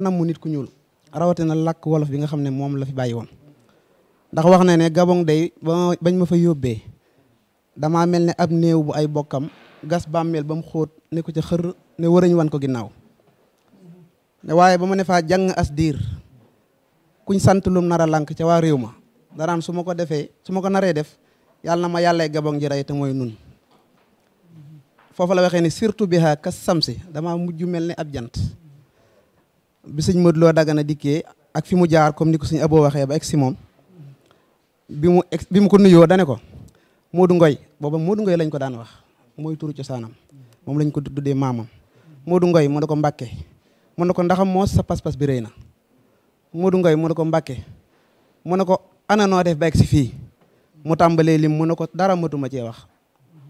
namm nit ku ñuul rawatina làkk wolof bi nga xam ne moom la fi bàyyi woon ndax wax na ne Gabon day bañ ma fa yóbbee damaa mel ne ab néew bu ay bokkam gas bàmmeel ba mu xóot ne ko ca xër ne warañ wan ko ginnaaw ne waaye ba ma ne faa jàng as diir kuñ sant lum nar a lànk ca waa réew ma daraan su ma ko defee su ma ko naree def yàlla na ma yàllay Gabon ji te mooy nun foofu la wexee ne surtout bi ha kas samsi damaa mujj mel ne ab jant bi seigne modlo Lo Dagana dikke ak fimu jaar comme ni ko Abo waxe ba egg si moom bimu mu ko nuyo dané ko Modou Ngoy bobu Modou Ngoy lañ ko daan wax moy turu sanam mom lañ ko tuddé mamam Modou Ngoy mo ne ko mo mu ko ndaxam mo sa pas pass bi reyna Modou Ngoy mo ne ko mo mu ko ana no def ba egg si mu tambalé lim mo ne ko dara matuma ci wax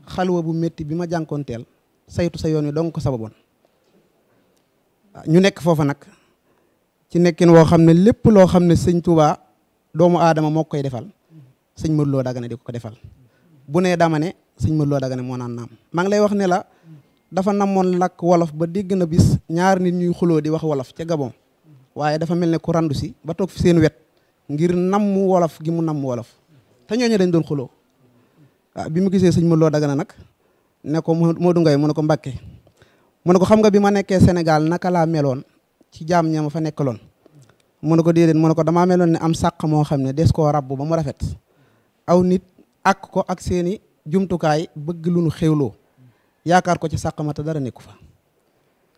xalwa bu metti bima jankontel saytu sa yoni wi dong ko sababoon ñu nek fofu nak ci nekkin wo xamne ne lo xamne seigne ne Touba doomu adama mo koy defal seigne Modou Lo Dagana di ko defal bu ne dama ne seigne Modou Lo Dagana moo naan naam lay wax ne la dafa namoon lak wolof ba deg na bis ñaar nit ñuy xulo di wax wolof ci Gabon waye dafa mel ne ku randu ci ba tok fi seen wet ngir nam wolof gi mu nam wolof te ñooñu dañ doon xulo waaw ah, bi mu gisee seigne Modou Lo Dagana nak ne ko Modou ngay mu ne ko mbacke mu ne ko xam nga bima ma naka la melone ci jaam ña ma fa nekkaloon mu ne ko déedéet mu ne ko damaa meloon ne am sàq moo xam ne des koo rabbu ba mu rafet aw nit ak ko ak seeni jumtukaay bëgg lu nu xéwloo yaakaar ko ci sàq dara nekku fa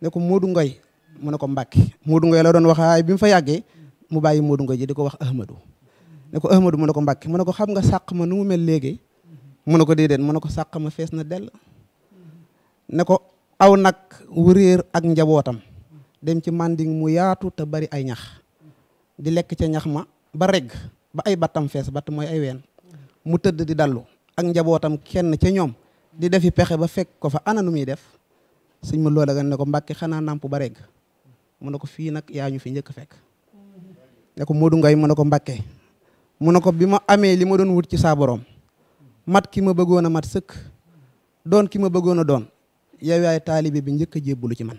ne ko Modou Ngoy mu ne ko Mbàkke Modou Ngoy la doon wax bi mu fa yàggee mu bàyyi Modou Ngoy ji di ko wax Ahmadou ne ko Ahmadou mu ne ko Mbàkke mu ne ko xam nga sàq ma nu mu mel léegi mu ne ko déedéet mu ne ko sàq ma fees na dell ne ko aw nag wuréer ak njabootam dem ci Manding mu yaatu te bari ay ñax di lekk ca ñax ma ba regg ba ay battam fees batt mooy ay ween mu tëdd di dallu ak njabootam kenn ca ñoom di defi pexe ba fekk ko fa ana nu muy def sëñ ma loola gan ne ko mbakke xanaa nàmp ba regg mu ne ko fii nag yaa ñu fi njëkk fekk ne ko Modou Ngoy mu ne ko mbàkke mu ne ko bi ma amee li ma doon wut ci saa borom mat ki ma bëggoon a mat sëkk doon ki ma bëggoon a doon yow yaay taalibe bi njëkk a jébbalu ci man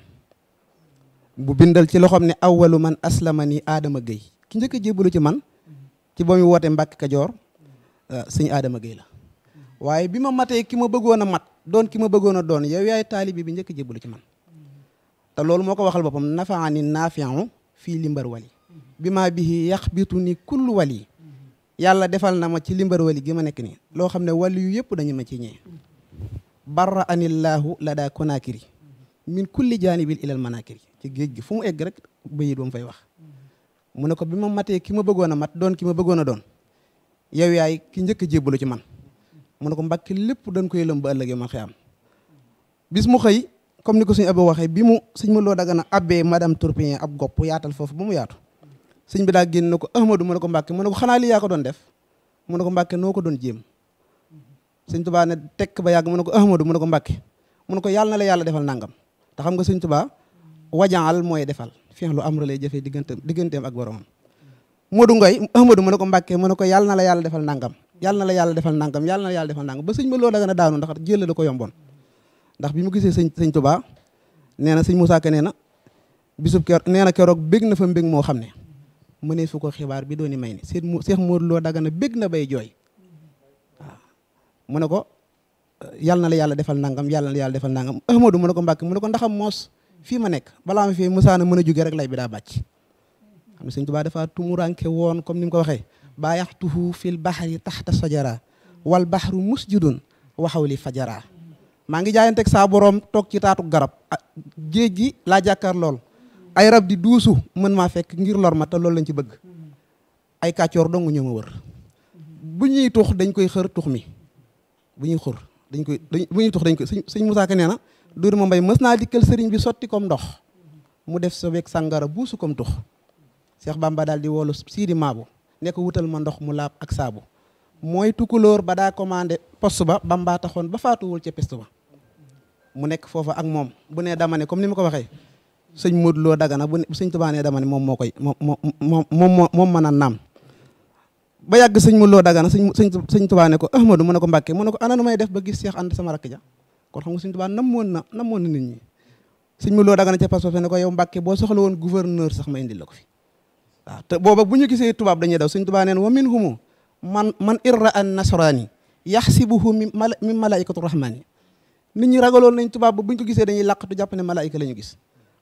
bu bindal ci loxoom ne awwalu man aslama ni aadama géey ki njëkk a jébbalu ci man ci ba mu wootee Mbàkke Kajoor euh, sëñ aadama géey la waaye bi ma matee ki ma bëggoon a mat doon ki ma bëggoon a doon yow yaay taalibi bi njëkk a jébbalu ci man te loolu moo ko waxal boppam nafaani naafiu fii limbar wali bi maa bihi yaxbitu ni kullu wali yàlla defal na ma ci limbar wali gi ma nekk nii loo xam ne wali yu yëpp dañu ma ci ñee barra anillahu la daa konaakiri min kulli jaanibin ilal manakiri ci géej gi fu mu egg rek bayit ba fay wax mu ne ko bi ma matee ki ma bëggoon a mat doon ki ma bëggoon a doon yow yaay ki njëkk a jébbalu ci man mu ne ko mbàkki lépp dañ koy lëm ba ëllëg am bis mu xëy comme ni ko suñu aboo waxee bi mu sëñ ma loo dagana abbee madame Tourpin ab gopp yaatal foofu ba mu yaatu sëñ bi daa génn na ko ahmadou mu ne ko mbàkke mu ko xanaa li yaa ko doon def mu ne ko mbàkke noo ko doon jéem sëñ tubaa tekk ba yàgg mu ne ko ahmadou mu ne ko mbàkke mu ne ko yàlla na la yàlla defal nangam te xam nga sëñ Tuubaa wajaal mooy defal fi lu am lay jëfee diggante digganteem ak boromam Modou Ngoy Amadou mu ne ko Mbàkke mu ne ko yàlla na la yàlla defal nangam yàlla na la yàlla defal nangam yàlla na la yàlla defal nangam ba sëñ ba loo da nga daanu ndax jël la ko yomboon ndax bi mu gisee sëñ sëñ Tuubaa nee na sëñ Moussa Ka nee na bisub keroog nee na keroog bég na fa mbég moo xam ne mënee su ko xibaar bi dooni may ni seet Seex loo Lo na bég na bay jooy mu ne ko yal na la yàlla defal nangam yal na la yàlla defal nangam Ahmadou eh, mu ne ko mbak mu ko ndaxam mos fi ma nek musa ma fi musa na meuna jugge rek lay bi da bàcc xam seigne touba dafa tumuranke won comme nim ko waxe ba yahtuhu fil bahri tahta sajara wal bahru musjidun hawli fajara Mangi ngi jaayanteeg sa borom tok ci taatu garab ah, géej la jakar lol ay rab di dusu mën ma fek ngir lor ma ta lol lañ ci bëgg ay katchor dong ñu ma wër buñuy tux dañ koy xër tux mi buñuy dañ koy dañ bu ñuy tux dañ koy sëñ sëñ Moussa Ka nee na duur ma mbay mës naa dikkal sëriñ bi sotti comme ndox mu def sa beeg sàngara buusu comme tux Cheikh Bamba daal di woolu siidi maabu nekk wutal ma ndox mu laab ak saabu mooy tukulóor ba daa commandé poste ba Bamba taxoon ba faatuwul ca piste ba mu nekk foofa ak moom bu nee dama ne comme ni ma ko waxee sëñ Modou Lo Dagana bu sëñ Tuubaa nee dama ne moom moo koy moom moom moom moom mën a naam ba yag seigne mu loo dagana seigne seigne touba ne ko ahmadou mu ne ko mbàkke mu ne ko ana numay def ba gis cheikh and sama rakja ko xam nga seigne touba namoon na namoon na nit ñi seigne mu loo dagana ci passeport ne ko yow mbàkke bo soxla won gouverneur sax ma indi lako fi wa te booba buñu gisee touba dañuy daw seigne touba neen wa min humu man man irra an nasrani yahsibuhu min malaikatu rahmani nit ñi ragalon nañ touba buñ ko gisee dañuy làqatu japp ne malaika lañu gis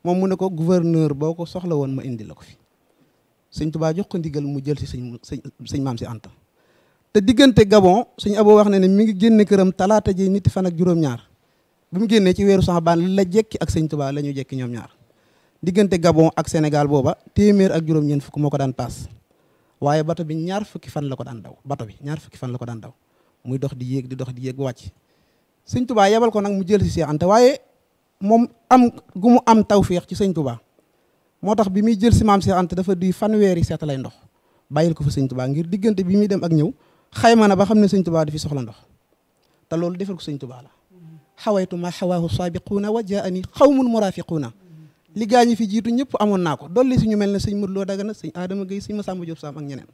mom mu ne ko gouverneur boko soxla won ma indi lako fi sëñ tubaa jox ko ndigal mu jël si sëñ sëñ maam si Anta te diggante Gabon sëñ Abo wax na ne mi ngi génne këram talaata ji nit fan ak juróom-ñaar bi mu génnee ci weeru Saxbaan la jekki ak sëñ Tuubaa la ñu jekki ñoom ñaar diggante Gabon ak Sénégal booba téeméer ak juróom-ñeent fukk moo ko daan paas waaye bato bi ñaar fukki fan la ko daan daw bato bi ñaar fukki fan la ko daan daw muy dox di yéeg di dox di yéeg ba wàcc sëñ Tuubaa yebal ko nag mu jël si Seex waaye moom am gu mu am tawféex ci sëñ Tuubaa moo tax bi muy jël si ant dafa duy fanweeri seeta lay ndox bàyyil ko fa sëñ tubaa ngir diggante bi muy dem ak ñëw xayma na ba xam ne sëñ tubaa dafi soxla ndox te loolu defal ko sëñ tubaa la xawaytu ma xawaahu saabiquuna wa jaani xawmun murafiquuna li gaa ñi fi jiitu ñëpp amoon naa ko dolli si ñu mel ne sëñ Modou Lo Dagana sëñ Adama Gueye sëñ Massamba Diop Sam ak ñeneen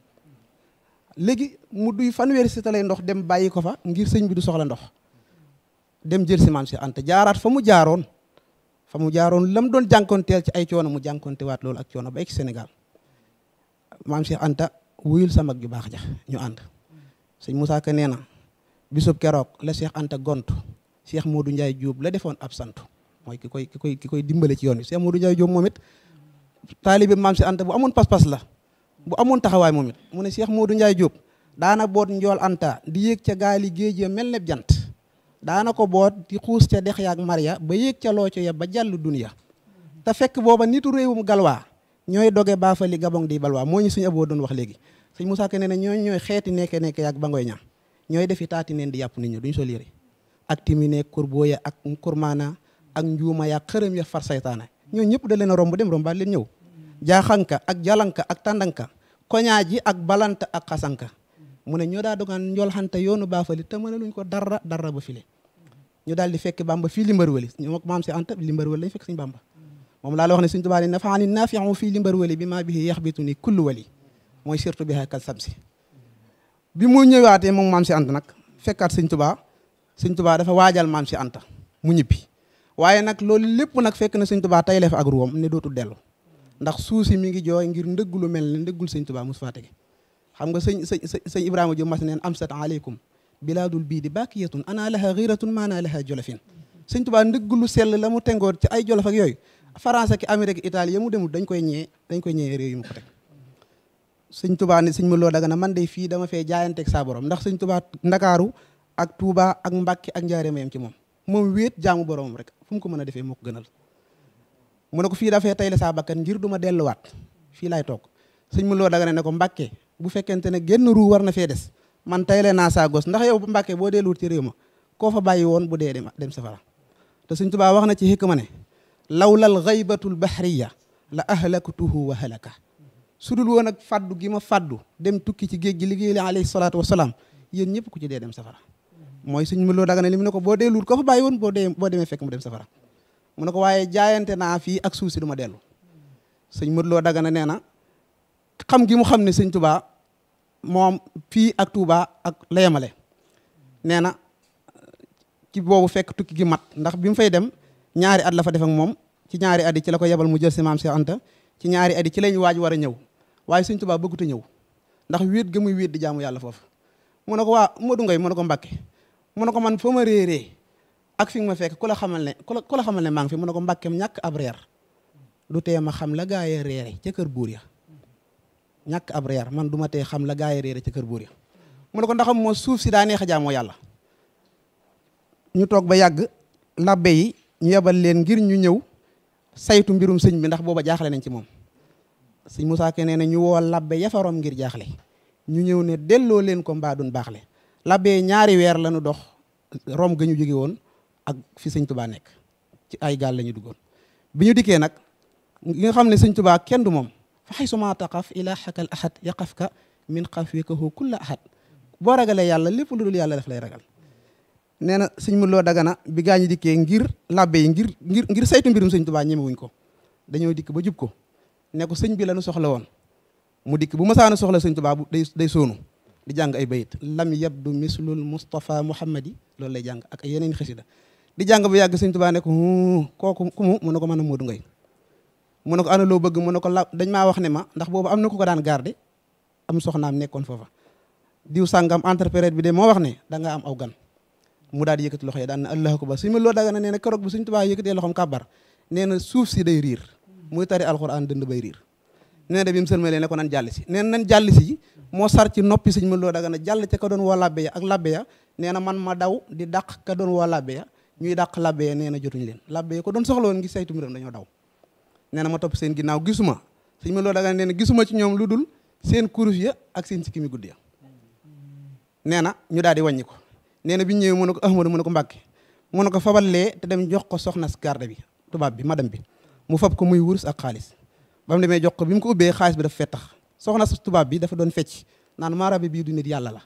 léegi mu duy fanweeri seeta lay ndox dem bàyyi ko fa ngir sëñ bi du soxla ndox dem jël si maam jaaraat fa mu jaaroon fa mu jaaroon lam doon jànkonteel ci ay coono mu waat loolu ak coono ba ci Sénégal maam Cheikh Anta wuyul sa mag ju ja ñu ànd sëñ Moussa Ka nee na bisub keroog la Cheikh Anta gontu Cheikh Modou Ndiaye jóob la defoon ab sant mooy ki koy ki koy ki koy dimbale ci yoon wi Cheikh Modou Ndiaye Diop moom it taalibe maam Cheikh Anta bu amoon pas-pas la bu amoon taxawaay moom it mu ne Cheikh Modou Ndiaye Diop daana boot njool Anta di yéeg ca gaali géej ya mel ne jant daana ko boot di xuus ca dex yaak Maria ba yéeg ca looco ya ba jàll duniya te fekk booba nitu réewum galwaa ñooy doge li gabon di balwaa moo ñu a aboo doon wax léegi suñ Musaa Ka nee na ñooy ñooy xeeti nekke nekke yaak bangoy ña ñooy defi taati neen di yàpp nit ñi duñ so liiri ak timine kurbooya ak kurmaana ak njuuma yaak xërëm ya far saytaana ñoo ñëpp da leen a romb dem rombaat leen ñëw jaaxanka ak jalanka ak tàndanka koñaa ji ak balanta ak xasanka mu ne ñoo daa dogaan njool xante yoonu baafali te mën a ko dara dara ba file ñu daal di fekk bamba fii limbar wali ñoo maam si anta limbar wali lañ fekk suñ bamba moom laa la wax ne suñ tubaa ne nafaani naafiu fii limbar wali bi maa ni kullu wali mooy surtout bi si bi mu ñëwaatee moom maam si anta nag fekkaat suñ tubaa suñ tubaa dafa waajal maam si anta mu ñibbi waaye nag loolu lépp nag fekk na suñ tubaa tayleef ak ruwam ne dootul dellu ndax suuf si mi ngi jooy ngir ndëggulu mel ne ndëggul suñ tubaa mos faa tege xam nga sëñ sëñ sëñ Ibrahima Diop mas neen am sat aleykum bilaadul bii di bakiyatun ana laha xiratun maana laha jolofin sëñ tubaa ndëgg lu sell la mu tengoor ci ay jolof ak yooyu France ak Amérique Italie ya mu demul dañ koy ñee dañ koy ñee réew yi mu ko teg sëñ Tuubaa ne sëñ loo daga na man de fii dama fee jaayanteeg saa borom ndax sëñ Tuubaa Ndakaaru ak Tuubaa ak Mbàkke ak Njaaréem yam ci moom moom wéet jaamu boromam rek fu mu ko mën a defee moo ko gënal mu ne ko fii dafee tey la saa bakkan ngir du ma delluwaat fii laay toog sëñ Modou Lo ne ko Mbàkke bu fekkente ne génn ruu war na fee des man tayle naa saa gos ndax yow bu Mbàkke boo delluwut ci réew ma koo fa bàyyi woon bu dee dem safara te Sëñ Tuubaa wax na ci ma ne lawlal xaybatul bahriya la ahlaktuhu wa halaka su dul woon ak faddu gi ma faddu dem tukki ci géej gi liggéey liggéeyal alayhi salaatu wasalaam yéen ñëpp ku ci dee dem safara mooy suñ mu loo daga ne li mu ne ko boo dee luut ko fa bàyyi woon boo dee boo demee fekk mu dem safara mu ne ko waaye jaayante naa fii ak suuf si du ma dellu suñ mu daga ne nee na xam gi mu xam ne sëñ Touba moom fii ak Touba ak la yemale nee na ci boobu fekk tukki gi mat ndax bi mu fay dem ñaari at la fa def moom ci ñaari at yi ci la ko yebal mu jël si maam Cheikh Anta ci ñaari at yi ci lañ waaj war a ñëw waaye sëñ Touba bëggut ñëw ndax wéet ga muy wéet di jaamu yàlla foofu mu ne ko waa Modou Ngoy mu ne ko mbakke mu ne ko man fa ma réeree ak fi ma fekk ku la xamal ne ku la ku la xamal ne maa ngi fi mu ne ko Mbàkke ñàkk ab reer du tee xam la gaa yi kër buur ya ñàkk ab reer man du ma tee xam la gaa yi réere ca kër buur ya mu ne ko ndaxam moo suuf si daa neex a jaamoo yàlla ñu toog ba yàgg labbe yi ñu yebal leen ngir ñu ñëw saytu mbirum sëñ bi ndax booba jaaxle nañ ci moom sëñ Moussa Ka nee na ñu woo labbe yafaroom ngir jaaxle ñu ñëw ne delloo leen ko mbaa dun labbe ñaari weer lañu dox rom ga ñu jóge woon ak fi sëñ Touba nekk ci ay gaal la duggoon bi ñu dikkee nag li nga xam ne sëñ Touba kenn du moom fa xaysuma taqaf ilaa xakal ahad yaqaf ka min xafwikahu kulla ahad boo ragalee yàlla lépp lu dul yàlla daf lay ragal nee na sëñ muloo dagana bi gaa ñi dikkee ngir labbe ngir ngir ngir saytu mbirum sëñ tubaa wuñ ko dañoo dikk ba jub ko ne ko sëñ bi la nu soxla woon mu dikk bu ma masaana soxla sëñ tubaa day day soonu di jàng ay bayit lam yabdu mislul Moustapha Mouhamadi loolu lay jàng ak ay yeneen xasida di jàng bu yàgg sëñ tubaa ne ko kooku ku mu mu ko mën a moodu ngay mu anu ko ana loo bëgg mu ne ko la dañ maa wax ne ma ndax boobu am na ko daan garde am soxnaam nekkoon foofa diw sàngam entrepreneur bi de moo wax ne da nga am aw gan mu daal di yëkkati loxo yi ya daan na allahu akbar suñu ma loo daga na nee na keroog bi suñ tubaa yëkkatee loxom kàbbar nee na suuf si day riir muy tari alquran dënd bay riir nee bi mu sëlmalee ne ko nan jàll si nee na nan jàll si moo sar ci noppi suñ ma loo daga na jàll ca ka doon woo labbe ya ak labbe ya nee na man ma daw di dàq ka doon woo labbe ya ñuy dàq labbe ya nee na jotuñ leen labbe ya ko doon soxla woon ngi saytu mbiram dañoo daw nena ma top seen ginnaw gisuma seen melo da nga gisuma ci ñom luddul seen kurus ya ak seen ci kimi guddiya ya ñu daal di wàññi ko nee bi ñëwee mu ko Ahmadu mu ko Mbàkke mu ko te dem jox ko soxna si garde bi tubab bi madam bi mu fab ko muy wurs ak khalis bam mu jox ko bim ko ubbee khalis bi dafa fettax soxna si tubaab bi dafa doon fecc nan marabi bi du nit yalla la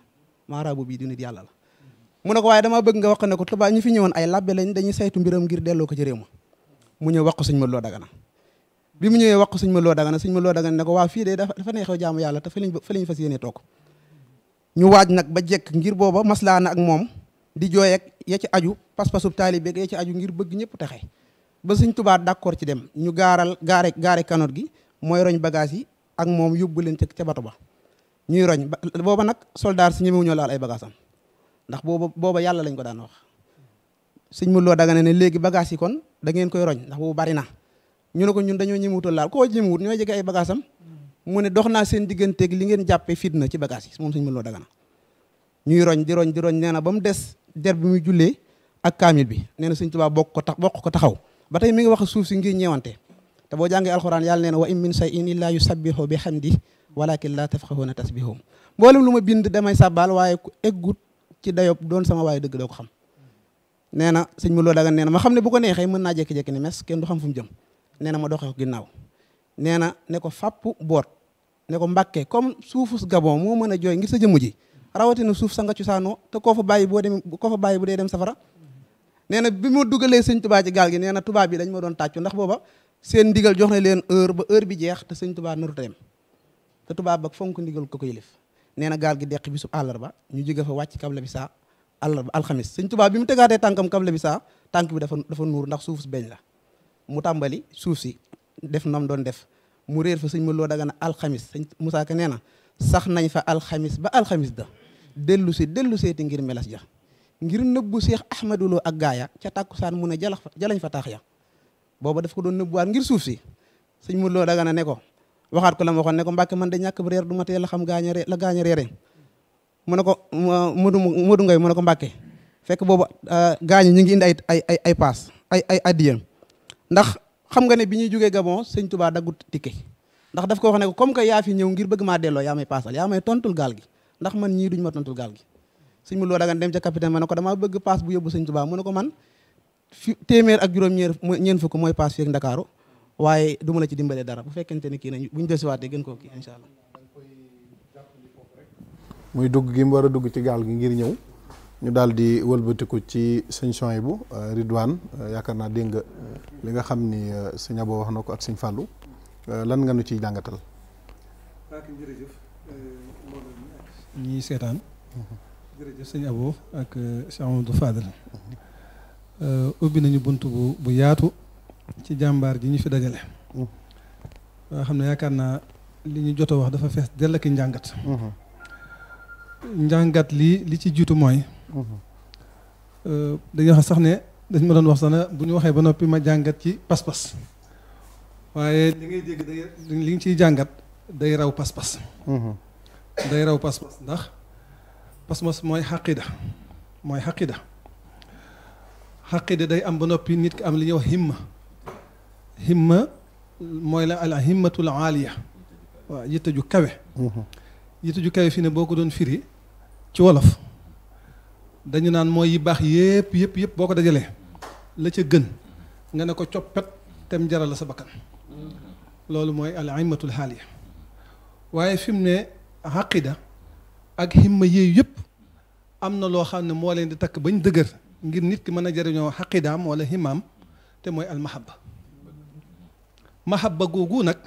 marabu bi du nit yalla la ko bëgg nga wax ne ko tubab ñi fi ñewon ay labbe lañ dañuy saytu mbiram ngir ko ci réew mu ñew wax ko señ ma dagana bi mu ñëwee wax ko sëñ Modou Lo Dagana sëñ Modou Lo Dagana ne ko waaw fii de dafa neexew jaamu yàlla te fa lañ fa lañ fas toog ñu waaj nag ba jekk ngir booba maslaa na ak moom di jooy ak ya ci aju pas-pasub taalibe ak ya ci aju ngir bëgg ñëpp texe ba tubaat Tuubaa d'accord ci dem ñu gaaral gaare gaare kanoor gi mooy roñ bagaas yi ak moom yóbbu leen ca bato ba ñuy roñ booba nag soldaar si ñemewuñoo laal ay bagage am ndax booba booba yàlla lañ ko daan wax sëñ Modou Lo Dagana ne léegi bagage yi kon da ngeen koy roñ ndax boobu bari na ñu ne ko ñun dañoo ñemewutal laal koo ñemewut ñooy jege ay bagages am mu ne dox naa seen digganteeg li ngeen jàppee fitna ci bagages yi moom suñu mënuloo dagana ñuy roñ di roñ di na ba mu des der bi muy jullee ak kaamil bi nee na Sëñ Tuubaa bokk ko tax bokk ko taxaw ba tey mi ngi wax suuf si ngir ñeewante te boo jàngee alxuraan yàlla nee na wa in min shay'in illaa yusabbihu bi hamdi walakin laa tafqahuuna tasbihahum mboolem lu ma bind damay sàbbaal waaye ku eggut ci dayob doon sama waaye dëgg doo ko xam nee na sëñ Modou Lo Dagana nee na ma xam ne bu ko neexee mën naa jékki-jékki ne mes kenn du xam fu mu jëm nee na ma doxee ko ginnaaw nee na ne ko fàpp boot ne ko mbàkkee comme suufus gabon moo mën a jooy ngir sa jëmm ji rawatina suuf sa nga cosaanoo te koo fa bàyyi boo demee koo fa bàyyi bu dee dem safara nee na bi ma dugalee sëñ tubaa ci gaal gi nee na tubaab bi dañ ma doon tàccu ndax booba seen ndigal jox na leen heure ba heure bi jeex te sëñ tubaa narut a dem te tubaab ba fonk ndigal ko ko yëlif nee na gaal gi deq bi su àllarba ñu jóge fa wàcc kabla bi saa àllarba alxamis sëñ bi mu tegaatee tànkam kabla bi saa tànk bi dafa dafa nuur ndax suufus beñ la mu tambali suuf def nam doon def mu réer fa sëñ Modou Lo Dagana alxamis señ musa Ka neena sax nañ fa alxamis ba alxamis da delusi si dellu te ngir melas ja ngir nëbbu cheikh Ahmadu Lo ak gaaya ca takusan mu ne jalax jalañ fa tax ya boba daf ko doon nëbbuwaat ngir suuf si sëñ Modou Lo Dagana ne ko waxat ko lam waxon ne ko Mbàkke man de ñak bu reer du ma tee la xam re la gaña reere mu ne ko modu modu ngay mu ne ko fekk ah, gaña ñi ngi indi ay ay ay pass ay ay adiyam ndax xam nga ne bi ñuy jógee Gabon sëñ Touba daggut ticket ndax daf ko wax ne ko comme que yaa fi ñëw ngir bëgg maa delloo yaa may paasal yaa may tontul gaal gi ndax man ñii duñ ma tontul gaal gi sëñ mu loo dagan dem ca capitaine ma ne ko damaa bëgg paas bu yóbbu sëñ Touba mu ne ko man fi téeméer ak juróom ñeer ñeen fukk mooy paas fii Ndakaaru waaye du ma la ci dimbalee dara bu fekkente ne kii nañ buñ desiwaatee gën koo kii incha allah muy dugg gi mu war a dugg ci gaal gi ngir ñëw ñu di wëlbatiku ci sëñ Souhaïbou Ridwan euh, yakarna deng euh, li nga xamni ni euh, Abo wax na ak sëñ fallu lan nga ñu ci jangatal ak jërëjëf ñii seetaan. Mhm. jërëjëf sëñ Abo ak sëñ Amadou Fadel. ubbi nañu buntu bu bu yaatu ci jambar ji ñu fi dajalé mhm. nga li ñu jot wax dafa fess ak jangat mhm. li li ci jitu moy Euh, dañuy wax sax ne dañ ma doon wax sax ne bu ñu waxee ba noppi ma jàngat ci pas-pas waaye li ngay dégg day li nga ciy jàngat day raw pas-pas. Mhm. day raw pas-pas ndax pas-pas mooy xaqida mooy xaqida xaqida day am ba noppi nit ki am li ñuy wax himma himma mooy la al himmatul aaliya waaw yitte ju kawe mhm. yitte ju kawe fi ne boo ko doon firi ci wolof dañu naan mooy yi baax yépp yépp yépp boo ko dajalee la ca gën nga ne ko coppet tem jaral la sa bakkan loolu mooy al immatul xaaliya waaye fi mu ne xaqida ak himma yooyu yëpp am na loo xam ne moo leen di takk bañ dëgër ngir nit ki mën a jariñoo xaqidaam wala himmaam te mooy al mahabba mahabba googu nag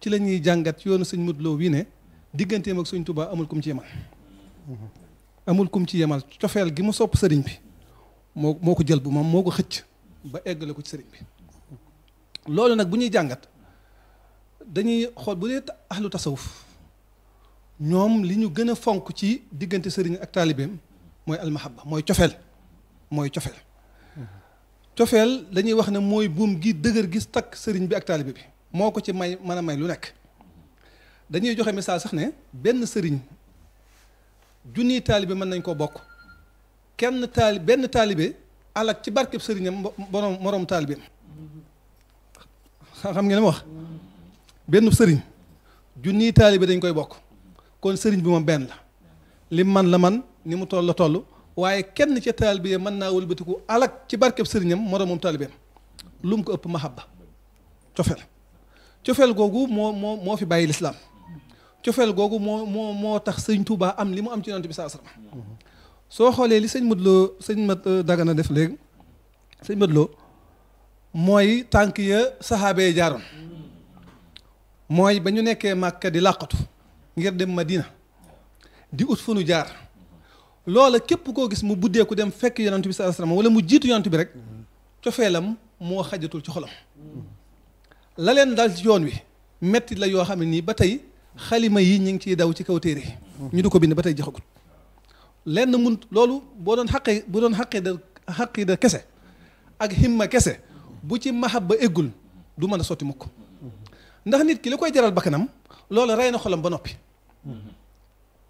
ci la ñuy jàngat yoonu sëñ mudloo wi ne digganteem ak sëñ Tuubaa amul kum ci yemal amul kum ci yemal tiofel gi mu sopp serigne bi moko jël bu mom moko xëcc ba eggale ko ci serigne bi lolu nak buñuy jàngat dañuy xol bu dee ahlu tasawuf ñom liñu gëna fonk ci digënté sëriñ ak moy al mahabba moy tiofel moy tiofel tiofel dañuy wax ne moy buum gi dëgër gi takk sëriñ bi ak taalibe bi moko ci may mëna may lu nekk dañuy joxe message sax ne ben sëriñ junniy taalibe mën nañ koo bokk kenn taali benn taalibe alak ci barkeb sëriñam borom moroom taalibe xam ngeen ma wax benn sëriñ junniy taalibe dañ koy bokk kon sëriñ bi moom benn la li man la man ni mu toll la toll waaye kenn ca taalibe yi mën naa wëlbatiku alak ci barkeb sëriñam moroomam taalibeem lu mu ko ëpp mahabba cofeel cofeel googu moo moo moo fi bàyyi lislaam cofeel googu mo mo mo tax sëñ Touba am li mu am ci yonent bi saa sallam soo xoolee li sëñ Modou Lo Mat Dagana def léegi sëñ Modou Lo mooy tànk ya saxaaba yi jaaroon mooy ba Màkka di làqatu ngir dem Madina di ut fu nu jaar loola képp koo gis mu buddeeku dem fekk yonent bi saa sallam wala mu jiitu yonent bi rek cofeelam moo xajatul ci xolam la leen dal ci yoon wi metti la yoo xam ba tey xalima yi ñu ngi ciy daw ci kaw téere ñu du ko bind ba tey joxagut lenn mun loolu boo doon xaqee bu doon xaqi da xaqi kese ak himma kese bu ci mahab ba eggul du mën a sotti mukk ndax nit ki li koy jaral bakkanam loolu rey na xolam ba noppi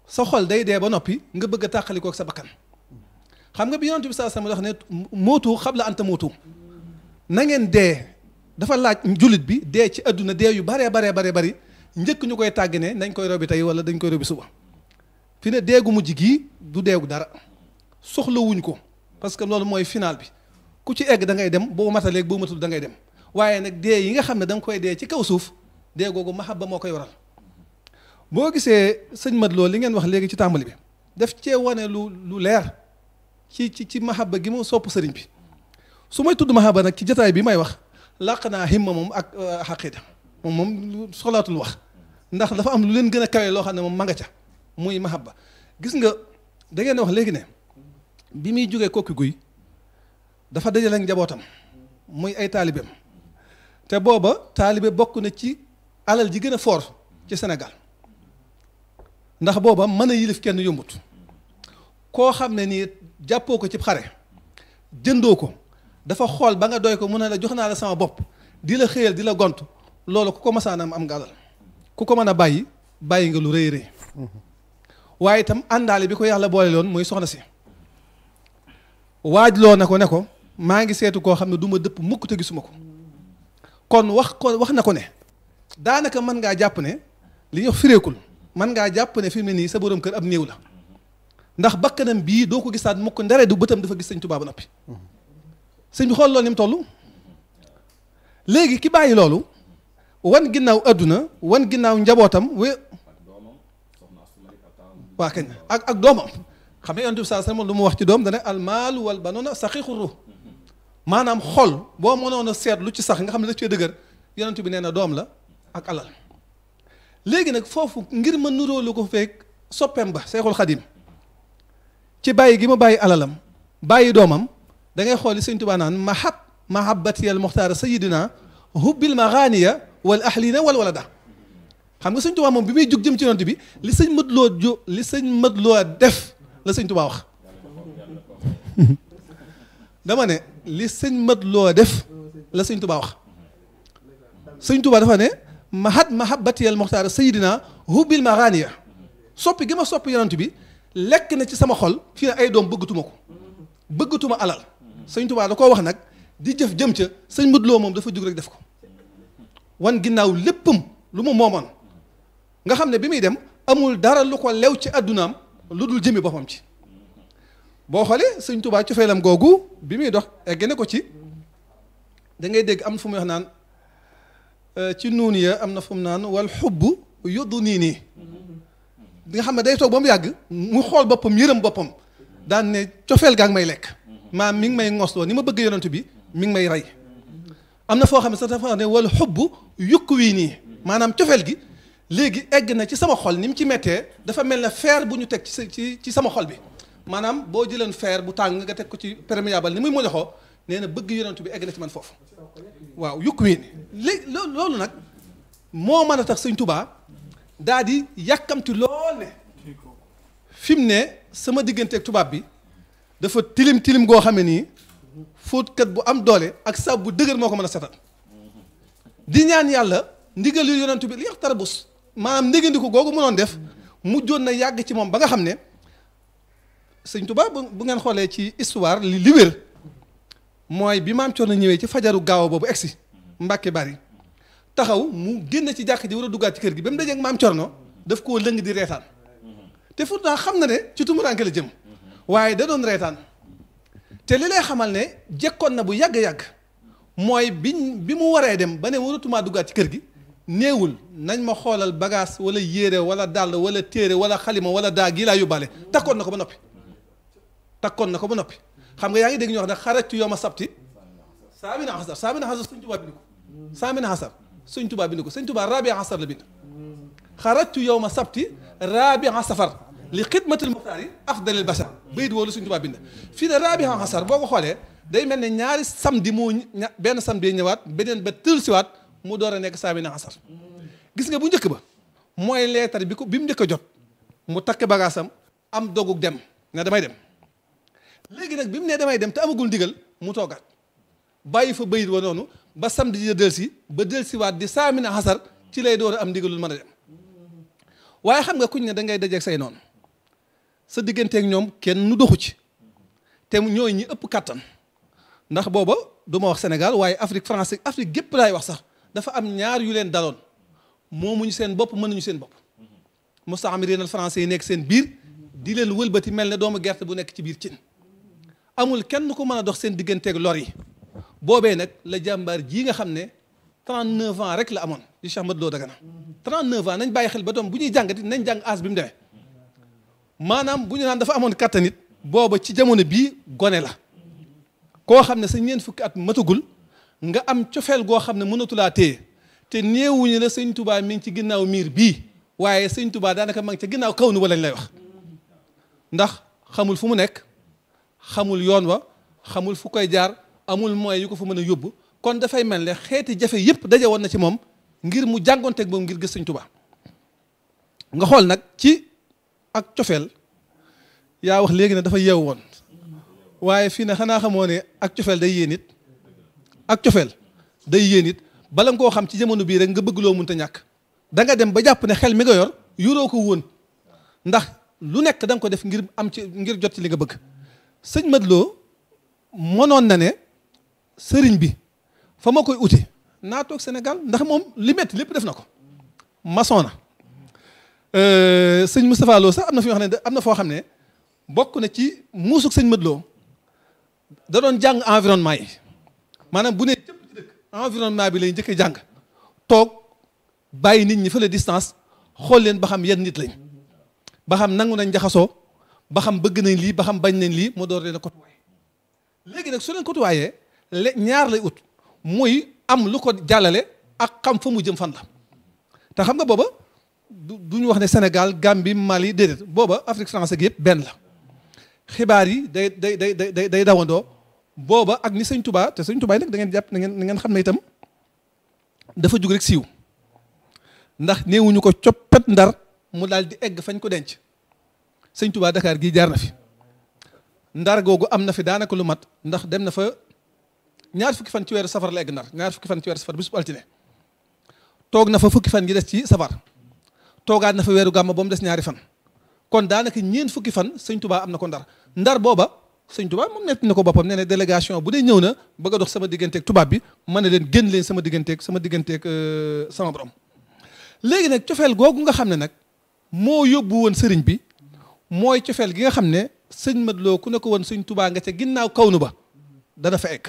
sa xol day dee ba noppi nga bëgg a tàqalikoo sa bakkan xam nga bi yonent bi saa sama wax ne mootu la anta mootu na ngeen dee dafa laaj jullit bi dee ci àdduna dee yu baree baree baree bari njëkk ñu koy tàgg ne nañ koy robi tey wala dañ koy robi suba fi ne deegu mujj gii du deegu dara soxlawuñ ko parce que loolu mooy final bi ku ci egg da ngay dem boo matalee boo matul da ngay dem waaye nag dee yi nga xam ne da nga koy dee ci kaw suuf dee googu mahabba moo koy waral boo gisee sëñ mat loolu li ngeen wax léegi ci tàmbali bi def cee wane lu lu leer ci ci ci mahabba gi ma sopp sëriñ bi su may tudd mahabba nag ci jataay bi may wax làq naa himma moom ak euh, xaqida moom moom soxlaatul wax ndax dafa am lu leen gën a kawe loo xam ne moom ma nga ca muy mahabba gis nga da ngeen wax léegi ne bi muy jógee kokki guy dafa dajale njabootam muy ay taalibeem te booba taalibe bokk na ci alal ji gën a foor ci Sénégal ndax booba mën a yilif kenn yombut koo xam ne nii jàppoo ko ci xare jëndoo ko dafa xool ba nga doy ko mu ne la jox naa la sama bopp di la xëyal di la gont loolu ku ko masaanaam am nga alal ku ko mën a bàyyi bàyyi nga lu rëy rëy waaye itam àndaale bi ko yàlla boole loon muy soxna si waaj loo na ko ne ko maa ngi seetu koo xam ne du ma dëpp mukk te gisuma ko kon wax ko wax na ko ne daanaka mën ngaa jàpp ne li ñuy wax fireekul mën ngaa jàpp ne fi mu ne nii sa borom kër ab néew la ndax bakkanam bii doo ko gisaat mukk ndare du bëtam dafa gis sëñ Tuubaa ba noppi sëñ bi xool loolu ni mu toll léegi ki bàyyi loolu wan ginnaaw adduna wan ginnaaw njabootam we waa kañ ak ak doomam xam nga yonent bi saa sallam lu mu wax ci doom dane almaal wal banuna saxiixu ruux maanaam xol boo mënoon a seet lu ci sax nga xam ne daf cee dëgër yonent bi nee na doom la ak alal léegi nag foofu ngir ma nuróo lu ko feeg soppeem ba seexul xadim ci bàyyi gi ma bàyyi alalam bàyyi doomam da ngay xool li sëñ Tuubaa naan mahab mahabati al muxtaar sayidina hubbil maghaniya wala ahlina wala wala da xam nga sëñ Tuubaa moom bi muy jug jëm ci yonent bi li sëñ mët loo ju li sëñ mët loo def la sëñ Tuubaa wax dama ne li sëñ mët loo def la sëñ Tuubaa wax sëñ Tuubaa dafa ne mahat mahabbatiyal muxtaar sayidina hubil maghaniya soppi gi ma soppi yonent bi lekk na ci sama xol fii ay doom bëggatuma ko bëggatuma alal sëñ Tuubaa da koo wax nag di jëf jëm ca sëñ mët loo moom dafa jug rek def ko wan ginnaaw léppam lu mu moomoon nga xam ne bi muy dem amul dara lu ko lew ci àddunaam lu dul jëmi boppam ci boo xoolee sëñ Tuubaa cofeelam googu bi muy dox egg na ko ci da ngay dégg am na fu muy wax naan euh, ci nuun ya am na fu mu naan wal xubb yoddu nii nii di nga xam ne day toog ba mu yàgg mu xool boppam yërëm boppam daan ne cofeel gaa ngi may lekk maam mi ngi may ngosloo ni ma bëgg yonent bi mi ngi may rey amna fo xamne xam ne sax dafa ne wala xubbu yukku wii nii gi legi egg na ci sama xol nim ci méttee dafa mel fer buñu tek ci ci sama xol bi manam bo jëlën fer bu tàng nga tek ko ci perméable ni muy moloxoo nee na bëgg yonent bi egg na ci man fofu waaw yukku wii nii léegi loolu nag tax seigne touba dadi yakamti lol ne fi mu ne sama digganteeg tubaab bi dafa tilim tilim go xamni fóotkat bu am doole ak saabu bu dëgër moo ko mën a setal di ñaan yàlla ndigal yu yonentu bi li yax tarabus maanaam ndigandiku googu mënoon def mujjoon na yàgg ci moom ba nga xam ne sëñ Tuubaa bu ngeen xoolee ci histoire li li wér mooy bi maam Cerno ñëwee ci fajaru gaaw boobu egsi Mbàkke bari taxaw mu génn ci jàkk ji war a duggaat ci kër gi ba mu dajeeg maam Cerno daf koo lëng di reetaan te pourtant xam na ne ci tumuraanke la jëm waaye da doon reetaan te li lay xamal ne jekkoon na bu yàgg-yàgg mooy biñ bi mu waree dem ba ne waratumaa duggaat ci kër gi néewul nañ ma xoolal bagage wala yére wala dàll wala téere wala xalima wala daa gii laa yóbbaale takkoon na ko ba noppi takkoon na ko ba noppi xam nga yaa ngi dégg ñoo wax ne xarajtu yooma sabti saamina asar saamina asar suñ tubaa bind ko saamina asar suñ tubaa bind ko suñ tubaa raabi asar la bind xarajtu yow ma sabti لخدمه المختار افضل البشر بيد ولو سنتو بابنا في الرابعه عشر بوكو خولي داي ملني نياري سامدي مو بن سامدي نيوات بنين با تيرسي وات مو دورا نيك سامينا عشر غيس نغا بو نديك با موي ليتر بيكو بيم نديك جوت مو تاك باغاسام ام دوغوك ديم نا داماي ديم لغي نك بيم ني داماي ديم تا امغول ديغال مو توغات باي في بيد ونونو با سامدي ديلسي با ديلسي وات دي سامينا عشر تي لاي دورا ام ديغلول مانا ديم waye xam nga kuñ ne da ngay dajje ak say noonu sa ak ñom kenn nu doxu ci te ñi ëpp katan ndax bobu du wax Sénégal Afrique Afrique wax sax dafa am ñaar yu leen momu ñu seen mënu ñu seen al français nekk seen biir di leen doomu bu nekk ci biir amul kenn ko mëna dox seen ak lor yi bobé nak la jambar nga xamné 39 ans rek la Cheikh Dagana 39 ans nañ ba bu ñuy nañ as maanaam bu ñu naan dafa amoon kattan booba ci jamono bii gone la koo xam ne sa ñeent fukki at matagul nga am cofeel goo xam ne mënatulaa téye te néewuñu la sëñ tubaa mi ngi ci ginnaaw miir bii waaye sëñ tubaa daanaka ma ngi ca ginnaaw kaw nu wala lañ lay wax ndax xamul fu mu nekk xamul yoon wa xamul fu koy jaar amul moyen yu ko fu mën a yóbbu kon dafay mel ne xeeti jafe yëpp daje woon na ci moom ngir mu jàngoonteeg moom ngir gis sëñ tubaa nga xool nag ci ak cofeel yaa wax léegi ne dafa yeew woon waaye fii ne xanaa xamoo ne ak cofeel day yéenit ak cofeel day yéenit it koo xam ci jamono bii rek nga bëgg loo mënta ñàkk da dem ba jàpp ne xel mi nga yor yoroo ko woon ndax lu nekk da ko def ngir am ci ngir jot ci li nga bëgg sëñ Mat Lo mënoon na ne sëriñ bi fa ma koy uti naa toog Sénégal ndax moom li métti lépp def na ko maçon na Euh, sëñ Moustapha sax am na fi yoo xam ne da am na foo xam ne bokk na ci muusug sëñ Modou Lo da doon jàng environnement yi maanaam bu ne cëpp ci dëkk environnement bi lay njëkkee jàng toog bàyyi nit ñi fa la distance xool leen ba xam yan nit lañ xam nangu nañ jaxasoo ba xam bëgg nañ lii ba xam bañ nañ lii mu door leen a côtoyé léegi nag su leen côtoyé ñaar lay ut muy am lu ko jàllale ak xam fa mu jëm fan la te xam nga booba duñu wax ne Sénégal Gambie Mali déedéet booba Afrique française gi yëpp benn la xibaar yi day day day day day dawandoo booba ak ni sëñ Touba te sëñ Touba yi nag da ngeen jàpp na ngeen na ngeen xam ne itam dafa jug rek siiw ndax néewuñu ko coppet ndar mu daal di egg fañ ko denc sëñ Touba Dakar gii jaar na fi ndar googu am na fi daanaka lu mat ndax dem na fa ñaar fukki fan ci weeru safar la egg ndar ñaar fukki fan ci weeru safar bisu altine toog na fa fukki fan gi des ci safar. togaat na fa weeru gàmma ba mu des ñaari fan kon daanaka ñeen fukki fan sëñ tubaa am na ko ndar ndar booba sëñ tubaa moom nett na ko boppam nee na délégation bu dee ñëw na bëgg a dox sama digganteeg tubaab bi ma ne leen gën leen sama digganteeg sama digganteeg sama borom léegi nag cofeel googu nga xam ne nag moo yóbbu woon sëriñ bi mooy cofeel gi nga xam ne sëñ mat ku ne ko woon sëñ tubaa nga ca ginnaaw kawnu nu ba dana fa egg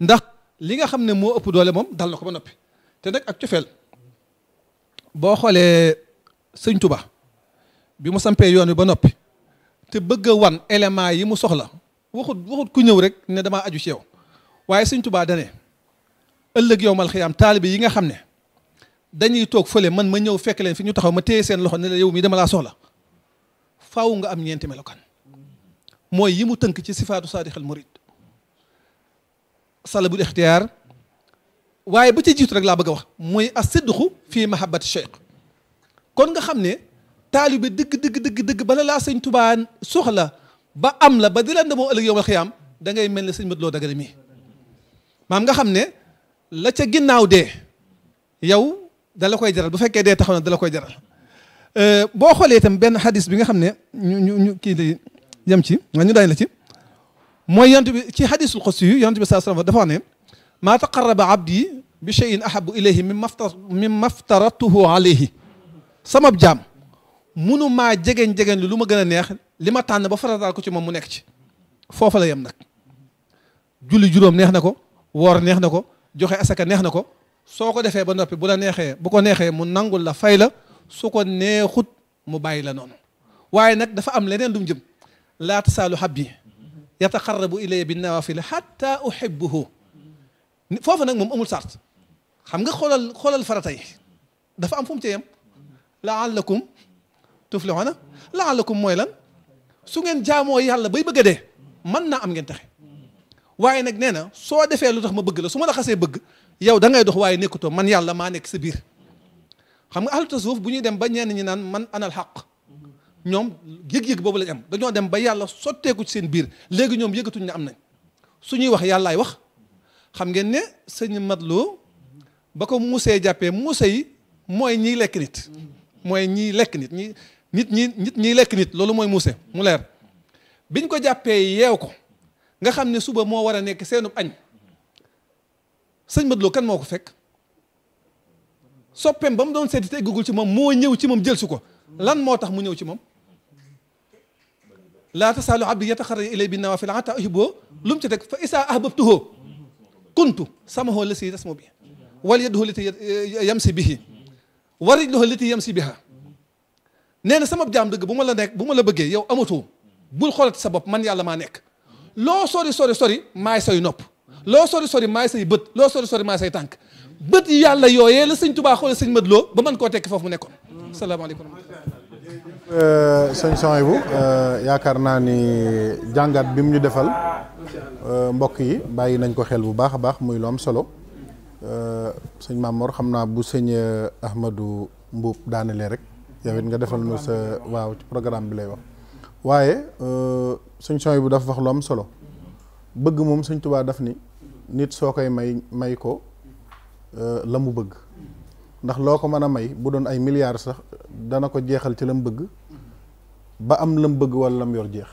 ndax li nga xam ne moo ëpp doole moom dal na ko ba noppi te nag ak cofeel boo xoolee sëñ touba bi mu sampé yoon ba nopi te bëgg wan élément yi mu soxla waxut waxut ku ñëw rek ne dama aju ci yow waye sëñ touba dane ëllëg yowmal xiyam talib yi nga xamné dañuy tok fële man ma ñëw fekk leen fi ñu taxaw ma téye seen loxo ne yow mi dama la soxla faaw nga am ñeenti melokan moy yi mu tënk ci sifatu sadiq al murid salabu ikhtiyar waye ba ci jiitu rek la bëgg a wax mooy asidqu fii mahabbati shaykh kon nga xamne ne deug deug deug deug bala la seigne touba soxla ba am la ba di la ëlëk yowal xiyam da ngay melni seigne sëñ dagal mi mam nga xamne la ca ginnaw de yow da la koy jaral bu fekke de taxaw na da la koy jaral euh bo xolé tam ben hadith bi nga xamne ñu ñu ñu kii lay yem ci nga ñu daañ la ci moy yant bi ci hadith al yu yant bi sallallahu alayhi wasallam dafa wax ne maa taqaraba abdi bi cheyin ahabu ilayhi min maftaratuhu alayhi sama jaam munu maa jegeen jegeen lu ma gën a neex li ma tànn ba farataal ko ci moom mu nekk ci foofa la yem nag julli juróom neex na ko woor neex na ko joxe asaka neex na ko soo ko defee ba noppi bu la neexee bu ko neexee mu nangul la fay la su ko neexut mu bàyyi la noonu waaye nag dafa am leneen lu mu jëm laa tasaalu habbi yataqarrabu ilayya bi nawaafil hatta uhibbuhu foofu nag moom amul sart xam nga xoolal xoolal farata yi dafa am fu mu ci yem لعلكم تفلحون لعلكم مويلا سو نين جامو يالا باي بغا دي من نا ام نين تخي واي نك نينا سو ديفه لوتخ ما بغ لا سوما خاسي بغ ياو دا غاي دوخ واي نيكوتو من يالا ما نيك سي بير ام دا نيو ديم با بير ليغي نيوم ييغتو نعم ني ام نان سو سيني مدلو باكو موسى جابي موسى موي ني mooy ñii lekk nit ñi nit ñi nit ñiy lekk nit loolu mooy muuse mu leer biñ ko jàppee yeew ko nga xam ne suba moo war a nekk seenub añ sëñ Madlo kan moo ko fekk soppeem ba mu doon seeti te eggagul ci moom moo ñëw ci moom jël si ko lan moo tax mu ñëw ci moom laa tasaalu abdi yataxarra ilay bi naa nawaafil hatta uhibbo lu mu ci teg fa isaa ahbabtuhu kuntu samahu la si tasmo bi wal yadduhu lati si bihi ورجلها التي يمشي بها نانا سما بدي عمدك بوما لا نك بوما لا بجي يو أموتو بول خالد سبب من يالله ما نك لو سوري سوري سوري ما يسوي نوب لو سوري سوري ما يسوي بيت لو سوري سوري ما يسوي تانك بيت يالله يو يه لسين تبا خالد سين مدلو بمن كوتك فوف منك السلام عليكم أه، سنسان يبو أه، يا كارناني جانجات بيمجو دفل أه، مبكي باي نانكو خلو باخ باخ مويلو أم سلو Euh, sëñ Mamor xam naa bu sëñ euh, Ahmadou Mbuub daanelee rek yow nga defal nu sa waaw ci programme bi lay wax waaye euh, suñ sooy bu dafa wax lu am solo bëgg moom sëñ Tuubaa daf ni nit soo koy may may ko la mu bëgg ndax loo ko mën a may bu doon ay milliards sax dana ko jeexal ci la mu bëgg ba am la mu bëgg wala la mu yor jeex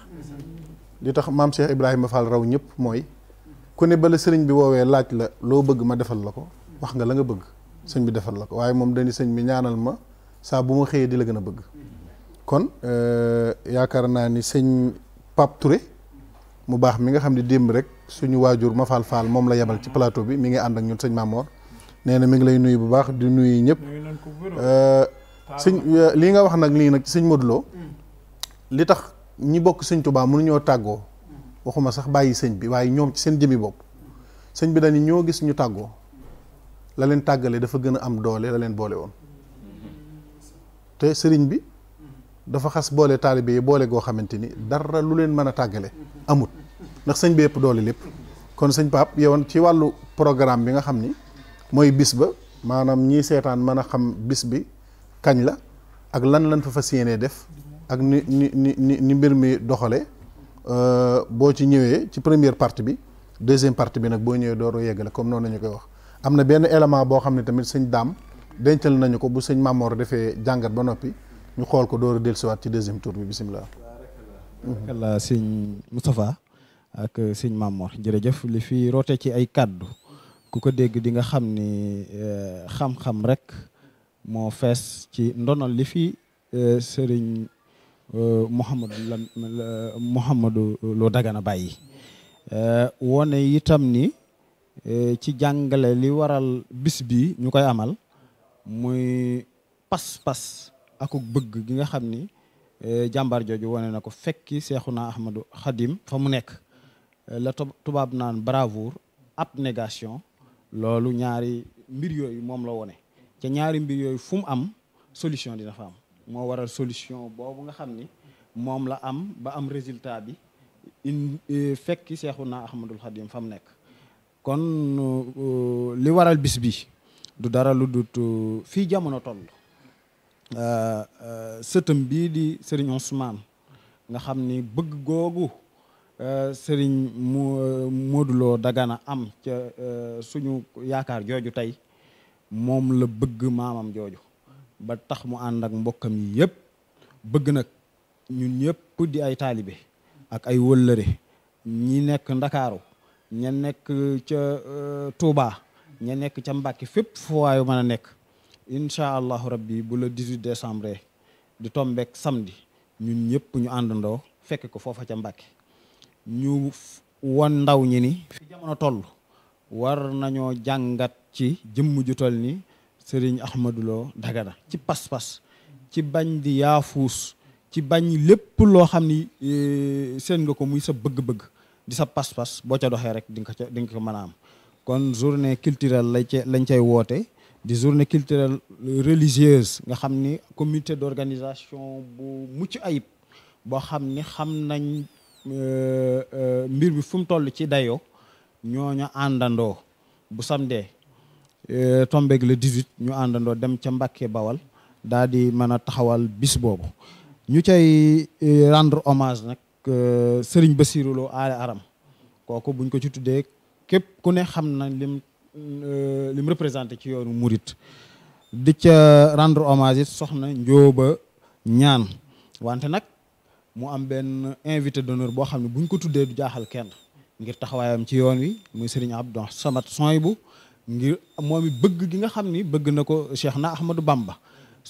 li tax maam Cheikh Ibrahima Fall raw ñëpp mooy ku ne bala sëriñ bi wowe laaj la lo bëgg ma defal lako wax nga la nga bëgg sëñ bi defal lako waye mom dañu bi ñaanal ma sa bu mu di la gëna bëgg kon euh, yaakar na ni sëñ pap Touré mu baax mi nga xam ne démb rek suñu wajur ma fal fal mom la yabal ci plateau bi mi ngi and ak ñun sëñ Mamor neena na mi ngi lay nuyu bu baax di nuyu ñëpp euh, sëñ euh, li nga wax nak li nak sëñ Modou mm. li tax ñi bokk Touba ñoo taggo waxuma sax bàyyi sëñ bi waaye ñoom ci seen jëmi bopp sëñ bi dañu ñoo gis ñu tàggoo la leen tàggale dafa gën a am doole la leen boole woon te sëriñ bi dafa xas boole taalibe yi boole goo xamante ni dara lu leen mën a tàggale amut ndax sëñ bi yëpp doole lépp kon sëñ Pape yowoon ci wàllu programme bi nga xam ni mooy bis ba maanaam ñii seetaan mën a xam bis bi kañ la ak lan lan fa fas yéenee def ak ni ni ni ni mbir mi doxale Euh, boo ci ñëwee ci première partie bi deuxième partie bi nag boo ñëwee door a yeggale comme noonu lañu koy wax am na benn élément boo xam ne tamit sañ daam dencal nañu ko bu sëñ Mamor defee jàngat ba noppi ñu xool ko door a dellusiwaat ci deuxième tour bi bisimilah. barakalla sëñ Moustapha ak sëñ Mamor jërëjëf li fi roote ci ay kàddu ku ko dégg di nga xam ni euh, xam-xam rek moo fees ci ndono li fi euh, sëriñ. Euh, Mouhamadou la euh, Mouhamadou Lo Dagana Baye euh, wone itam ni ci jàngale li waral bis bi ñu koy amal muy pas-pas akuk bëgg gi nga xam ni jàmbaar jooju wone na ko fekki Seexuna Ahmadu Xadim fa mu nekk la tubaab naan bravour bravoure négation loolu ñaari mbir yooyu moom la wone ca ñaari mbir yooyu fu mu am solution dina fa am moo waral solution boobu nga xam ni moom la am ba am résultat bi in eh, fekki Seexuna Ahmadul Xadim fa mu nekk kon eh, li waral bis bi du dara lu dut eh, fii jamono toll sëtëm bii di Serigne Ousmane nga xam ni bëgg googu Serigne Modou Lo Dagana am ca suñu yaakaar jooju tey moom la bëgg maamam jooju ba tax mu ànd ak mbokkam yi yëpp bëgg nag ñu ñëpp ku di ay taalibe ak ay wëllëre ñi nekk ndakaaru ña nekk ca euh, Touba ña nekk ca Mbàkke fépp fu waayu mën a nekk incha allahu rabbi bu le 18 décembre di tombeek samedi ñun ñëpp ñu àndandoo fekk ko foofa ca Mbàkke ñu won ndaw ñi ni fi jamono toll war nañoo jàngat ci jëmm ju toll ni seriñ Ahmadou Dagana ci pas-pas ci bañ di yaafuus ci bañ lépp loo xam ni e, seen nga ko muy sa bëgg-bëgg di sa pas-pas boo ca doxee rek di nga ko ca di nga ko mën a am kon journée culturelle lañ cay lañ cay woote di journée culturelle religieuse nga xam ni comité d'organisation bu mucc ayib boo xam ni xam nañ e, e, mbir mi fu mu toll ci dayoo ñooñu àndandoo bu samdee Euh, tombeeg le 18 ñu àndandoo dem ca Mbàkke Bawal daal di mën a taxawal bis boobu ñu cay euh, rendre hommage nag euh, Serigne Bassirou Lo aale aram kooku buñ ko ci tuddee képp ku ne xam na lim lim représenté ci yoonu Murit di ca rendre hommage it soxna Njóoba ñaan wante nag mu am benn invité d'honneur boo xam ne buñ ko tuddee du jaaxal kenn ngir taxawaayam ci yoon wi muy Serigne Abdou Samad Soyibu ngir moom it bëgg gi nga xam ni bëgg na ko Cheikh na Ahmadou Bamba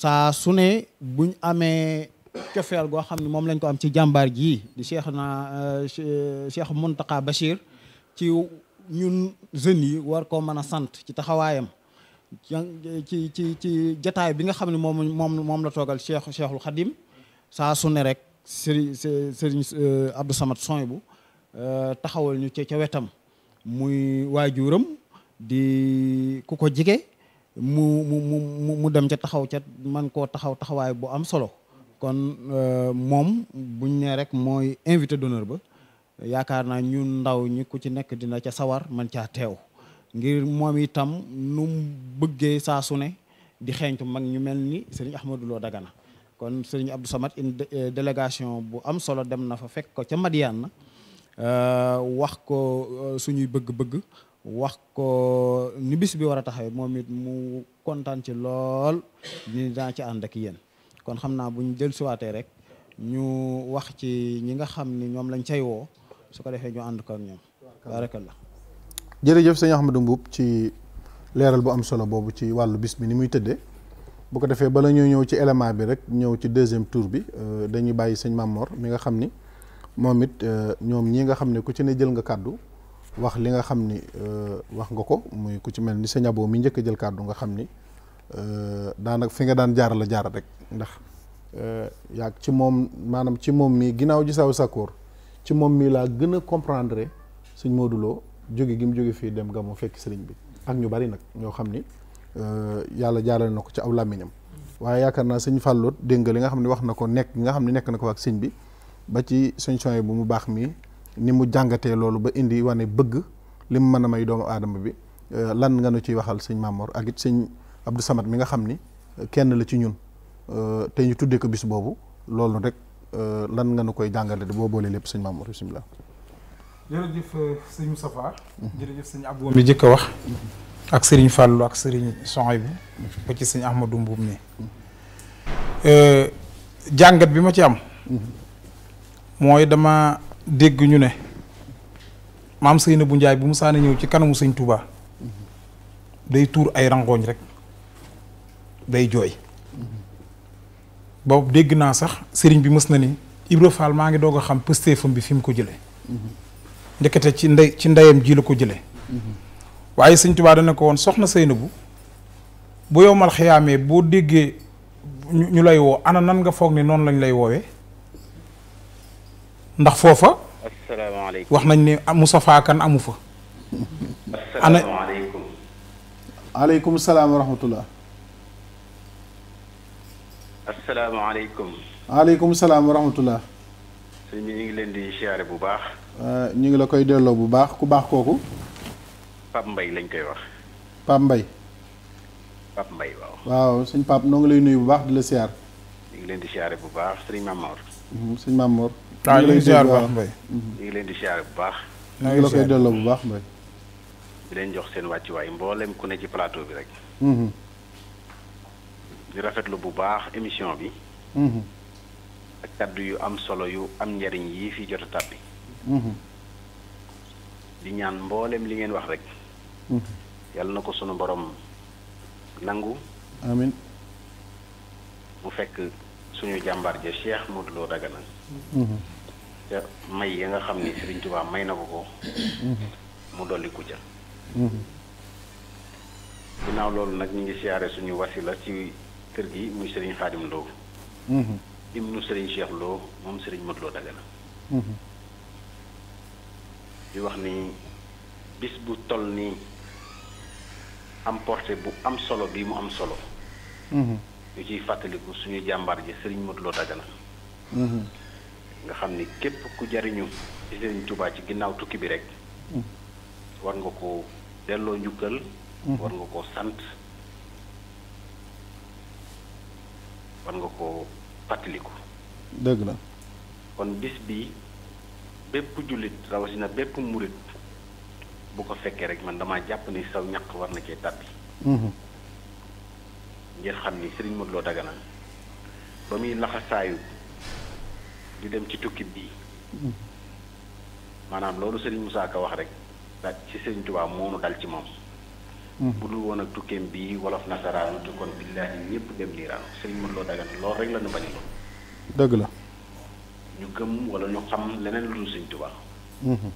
saa su ne buñ amee cofeel goo xam ne moom lañ ko am ci jàmbaar jii di Cheikh na euh, Cheikh Mountakha Bachir ci ñun jeunes yi war koo mën a sant ci taxawaayam ci ci ci jataay bi nga xam ne moom moom la toogal Cheikh Cheikhul Khadim saa su ne rek Serigne Serigne Abdou Samad bu euh, taxawal ñu ca ca wetam muy waajuram di ku ko jige mu mu mu mu dem ca taxaw ca man koo taxaw taxawaay bu am solo kon euh, moom buñ ne rek mooy invité d'honneur ba yaakaar naa ñun ndaw ñi ku ci nekk dina ca sawar man caa teew ngir moom itam nu bëggee saa su ne di xeeñtu mag ñu mel ni sëriñ Ahmadou Lo Dagana kon sëriñ Abdou Samad euh, délégation bu am solo dem na fa fekk ko ca Madiane euh, wax ko suñuy bëgg-bëgg wax ko ni bis bi war a taxawee moom it mu kontaan ci lool ni daa ci ànd ak yéen kon xam naa bu jël siwaatee rek ñu wax ci ñi nga xam ni ñoom lañ cay woo su ko defee ñu ànd ko ak ñoom barakallah jërëjëf sëñ Ahmadou Mbuub ci leeral bu am solo boobu ci wàllu bis bi ni muy tëddee bu ko defee bala ñoo ñëw ci élément bi rek ñëw ci deuxième tour bi euh, dañu bàyyi sëñ Mamor mi nga xam ni moom it euh, ñoom ñi nga xam ne ku ci ne jël nga kàddu wax li nga xamni ni euh, wax nga ko muy ku ci melni Dan abou mi ñëk jël kàddu nga euh da nak fi nga daan jaar la jaar rek ndax euh, yaak ci mom manam ci mom mi ginaaw ji saw sakor ci mom mi la gëna comprendre Modou Lo gi mu joggi fi dem nga fekk bi ak ñu bari nak ño xamni euh yalla jaarale na ci aw làmmiñam waye yaakaar na sëñ nek deeng li nga xamni wax nako nek nga xamni nek nako ak bi ba ci sëñ Soye bu mu bax mi ni mu jangate lolou ba indi wane bëgg lim mën a may doomu adam bi euh, lan nga nu ci waxal sëñ mamour ak it Abdou Samad mi nga xamni ni euh, kenn la ci ñun euh, te ñu tuddé ko bis bobu lolou rek lan nga nu koy bo bolé lepp lépp mamour Mamor bisimilah. jërëjëf sëñ Moustapha. Mhm. jërëjëf sëñ Abou mi jëkk wax. Mhm. ak sëriñ Fallou ak sëriñ bi mhm. ba ci sëñ Ahmadou mbou mi jangat bi ma ci am. moy dama. dégg ñu ne maam Seynabou njaay bu musaana ñëw ci kanamu sëñ Touba day tuur ay rangooñ rek day jooy boobu dégg naa sax sëriñ bi mës na ni Ibra Fall maa ngi doog a xam pëstéefam bi fi mu ko jële ndekete ci ndey ci ndeyam ji la ko jëlee waaye sëñ Touba dana ko woon soxna Seynabou bu yow mal xiyaamee boo déggee ñu lay woo ana nan nga foog ni noonu lañ lay woowee ndax assalamu alaykum wax nañ ni mustafa kan amu fa assalamu alaykum alaykum salaam wa rahmatullah assalamu alaykum alaykum salaam wa rahmatullah sëñ bi ngi leen di siyaare bu baax euh ñi ngi la koy delloo bu baax ku baax koku pap mbay lañ koy wax pap mbay pap mbay waaw waaw sëñ pap no nga lay nuyu bu baax di la siyaar ñu ngi leen di siyaare bu baax mhm, sëñ mamour sëñ mamour waaw ñu ngi ziar bu baax mbay ñu ngi leen di ziar bu baax ñu ngi la koy delloo bu baax mbay di leen jox seen wàccuwaay mboolem ku ne ci plateau bi rek di rafetlu bu baax émission mhm. bi ak kaddu yu am solo yu am njariñ yi fi jot a tàbbi di ñaan mboolem li ngeen wax rek mhm. yàlla na ko sunu borom nangu amin mu fekk suñu jàmbaar ja cheikh modulo dagana mhm. may ya nga xam ni Sëriñ Tuubaa may na ko ko mu dolli ku ca ginnaaw loolu nag ñu ngi siyaare suñu la ci kër gi muy Sëriñ Xaadim Lo mu Sëriñ Cheikh Lo moom Sëriñ motloo Lo Dagana di wax ni bis bu toll nii am porté bu am solo bi mu am solo mm-hmm. ñu ciy fàttaliku suñuy jàmbaar ji Sëriñ Mat Lo Dagana mm-hmm. nga xam ni képp ku jariñu ci tuba ci ginnaaw tukki bi rek mm. war nga ko delloo njukkal mm. war nga ko sant war nga ko fàttaliku dëgg la kon bis bi bépp julit rawasina bépp murit bu ko fekkee rek man dama jàpp ni saw ñaq war na cee tàbbi mm-hmm. ngir xam ni Serigne Modou Dagana ba muy laxasaayu di dem ci tukki bii maanaam loolu Serigne Moussa ko wax rek da ci Serigne Touba moonu dal ci moom hmm. bu dul woon ak tukkeem bii wolof nasaraanu te kon billaahi ñëpp dem niiraanu Serigne mën loo dagan loolu rek la ñu bañi dëgg la ñu gëm wala ñu xam leneen lu dul Serigne Touba hmm.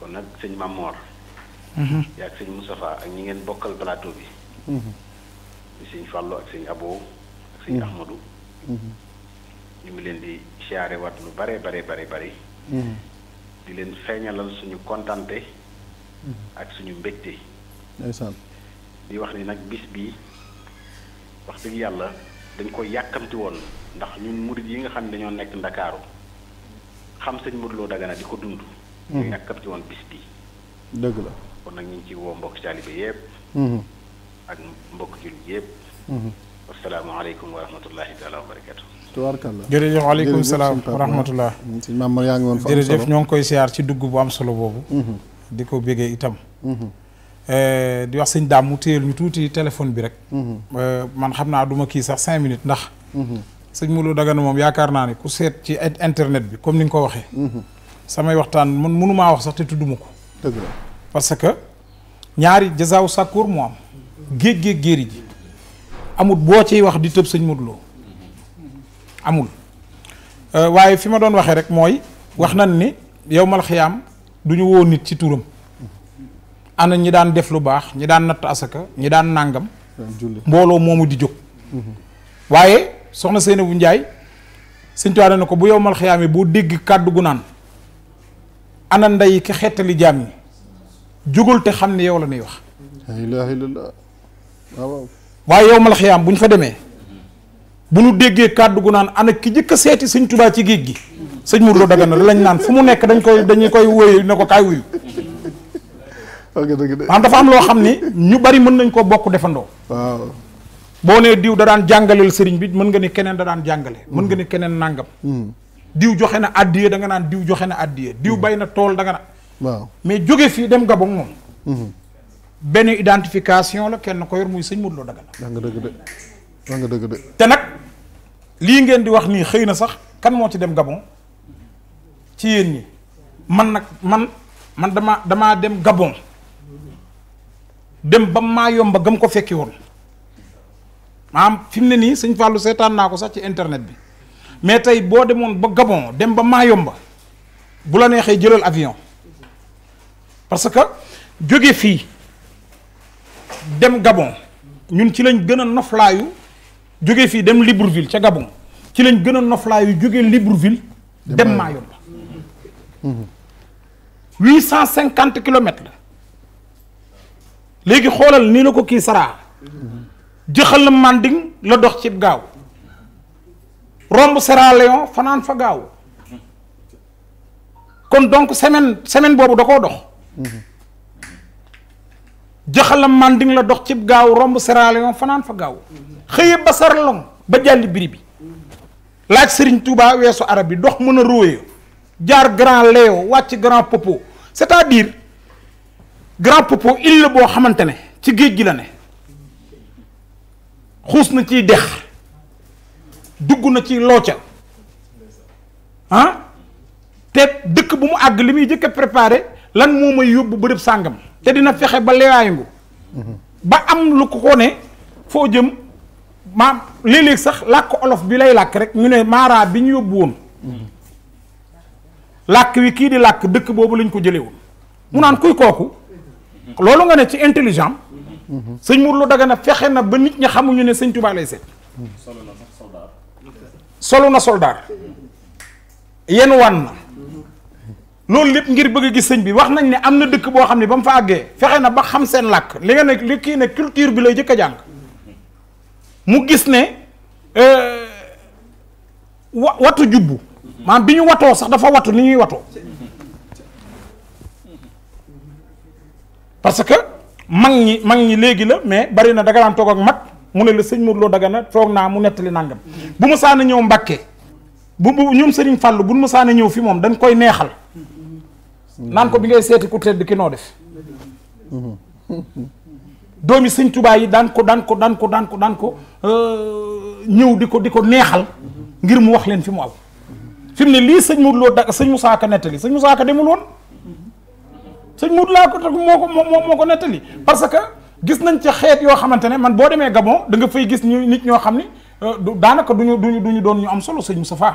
kon nag sëñ Mamor hmm. yaa ak sëñ Moustapha ak ñi ngeen bokkal plateau bi di sëñ Fallou ak sëñ Abo ak sëñ Ahmadou ñu ngi leen di siyaare wat lu bare bare bare bari hmm. di leen feeñalal suñu kontante hmm. ak suñu mbégte di wax ni nag bis bi wax dëgg yàlla dañ ko yàkkamti woon ndax ñun murid yi nga xam ne dañoo nekk ndakaaru xam sëñ murloo dagana di ko dund ñu hmm. yàkkamti woon bis bi dëgg la kon nag ñu ci woo mbokk taalibe yépp ak mbokk jul yépp wassalaamu wa rahmatullahi taala wa barakatuh tubaarkàlla jërëjëf waaleykum salaam wa rahmatullah sëñ Maam yaa ngi woon fa ñoo ngi koy siyaar ci dugg bu am solo boobu mhm. di ko bégee itam mhm. eh, di wax sëñ daam mu téyel ñu tuuti téléphone bi rek mhm. eh, man xam naa duma kii sax cinq minutes ndax sëñ loo daga Dagana moom yaakaar naa ne ku seet ci internet bi comme ni nga ko waxee samay waxtaan man maa wax sax te tudduma ko dëgg la parce que ñaari jasaaw sàkkuur mu am géej géej géeri ji amut boo ciy wax di tëb sëñ Modou Lo amul euh, waaye fi ma doon waxee rek mooy wax nan ni yow mal xiyaam du ñu woo nit ci turam ana ñi daan def lu baax ñi daan natt asaka ñi daan nàngam mbooloo moomu di jóg waaye soxna Seynabou Ndiaye sëñ Tuubaa na ko bu yow mal xiyaam yi boo dégg kàddu gu naan ana ndey ki xettali jaam ñi jógal xam ne yow la nuy wax waaye yow mal xiyaam fa demee bu nu déggee kàddu gu naan ana ki jëkk seeti sëñ tubaa ci géej gi sëñ Modou Lo Dagana lañ naan fu mu nekk dañ koy dañu koy wéy ne ko kaay wuyu maanaam dafa am loo xam ni ñu bari mën nañ koo bokk defandoo waaw boo nee diw da daan jàngaleel sëriñ bi mën nga ni keneen da daan jàngale mën nga ni mm. keneen nàngam mm. diw joxe na addiye da nga naan diw joxe na addiye diw mm. bay na tool da mais jóge fii dem Gabon moom mm-hmm. benn identification la kenn ko yor muy sëñ Modou Lo Dagana nga dëgg de te nag ngeen di wax nii sax kan moo ci dem Gabon ci yéen ñi man nag man man dama dem Gabon dem ba maa yomba gam ko fekki woon maanaam fi mu ne Fallou sax ci internet bi mais tey boo demoon ba Gabon dem ba maa yomba bu la neexee jëlal avion parce que jóge dem Gabon ñun ci lañ gën a jóge fi dem Libreville ca Gabon ci lañ gëna nofla yu jóge Libreville dem Mayumba 850 km kilomètres la léegi xoolal nii la ko Manding la dox ci gaaw romb Sierra Leone fanan fa gaaw kon donc semaine semaine bobu dako dox jëxal Manding la dox ci gaaw romb Sierra Leone fanan fa gaaw xëye ba sarlong ba jàlli biri bi laaj sëriñ Touba weesu arab yi dox mën a róoyo jaar grand léo wàcc grand popo c'est-à-dire grand popo il boo xamante ne ci géej gi la ne xuus na ciy dex dugg na ci looca ah te dëkk bu mu àgg li muy jëkk a préparé lan moom may yóbbu bërëb sàngam te dina fexe ba lewaayungu ba am lu ko ne foo jëm maam léeg-léeg sax làkk olof bi lay làkk rek ñu ne maara bi ñu yóbbu woon làkk wi kii di làkk dëkk boobu lañ ko jëlee woon mu naan kuy kooku loolu nga ne ci intelligent sëñ Mourlo Dagana fexe na ba nit ñi xamuñu ne sëñ Touba lay seet solu na soldaar yenn wan na loolu lépp ngir bëgg gi sëñ bi wax nañ ne am na dëkk boo xam ne ba mu fa àggee fexe na ba xam seen làkk li nga ne li kii ne culture bi lay jëkk a jàng mu gis ne euh, wa watu jubbu maanaam bi ñu watoo sax dafa watu ni ñuy watoo parce que mag ñi mag ñi léegi la mais bari na daga daan toog ak mag mu ne la sëñ Modou Lo daga na toog naa mu nettali nàngam bu ma musaana ñëw Mbàkke bu bu ñoom sëriñ Fàllu bu musaana ñëw fi moom dañ koy neexal naan ko bi ngay seeti ku tedd ki noo def doomi sëñ Tuubaa yi daan ko daan ko daan ko daan ko daan ko euh, ñëw di ko di ko neexal ngir mu wax leen fi mu am fi mu ne lii sëñ Modou Lo da sëñ Moussa Ka nettali sëñ Moussa Ka demul woon sëñ Modou laa ko moo ko moo moo ko nettali parce que gis nañ ci xeet yoo xamante ne man boo demee Gabon da nga fay gis ñu nit ñoo xam ni euh, daanaka duñu du ñu doon ñu am solo sëñ Moustapha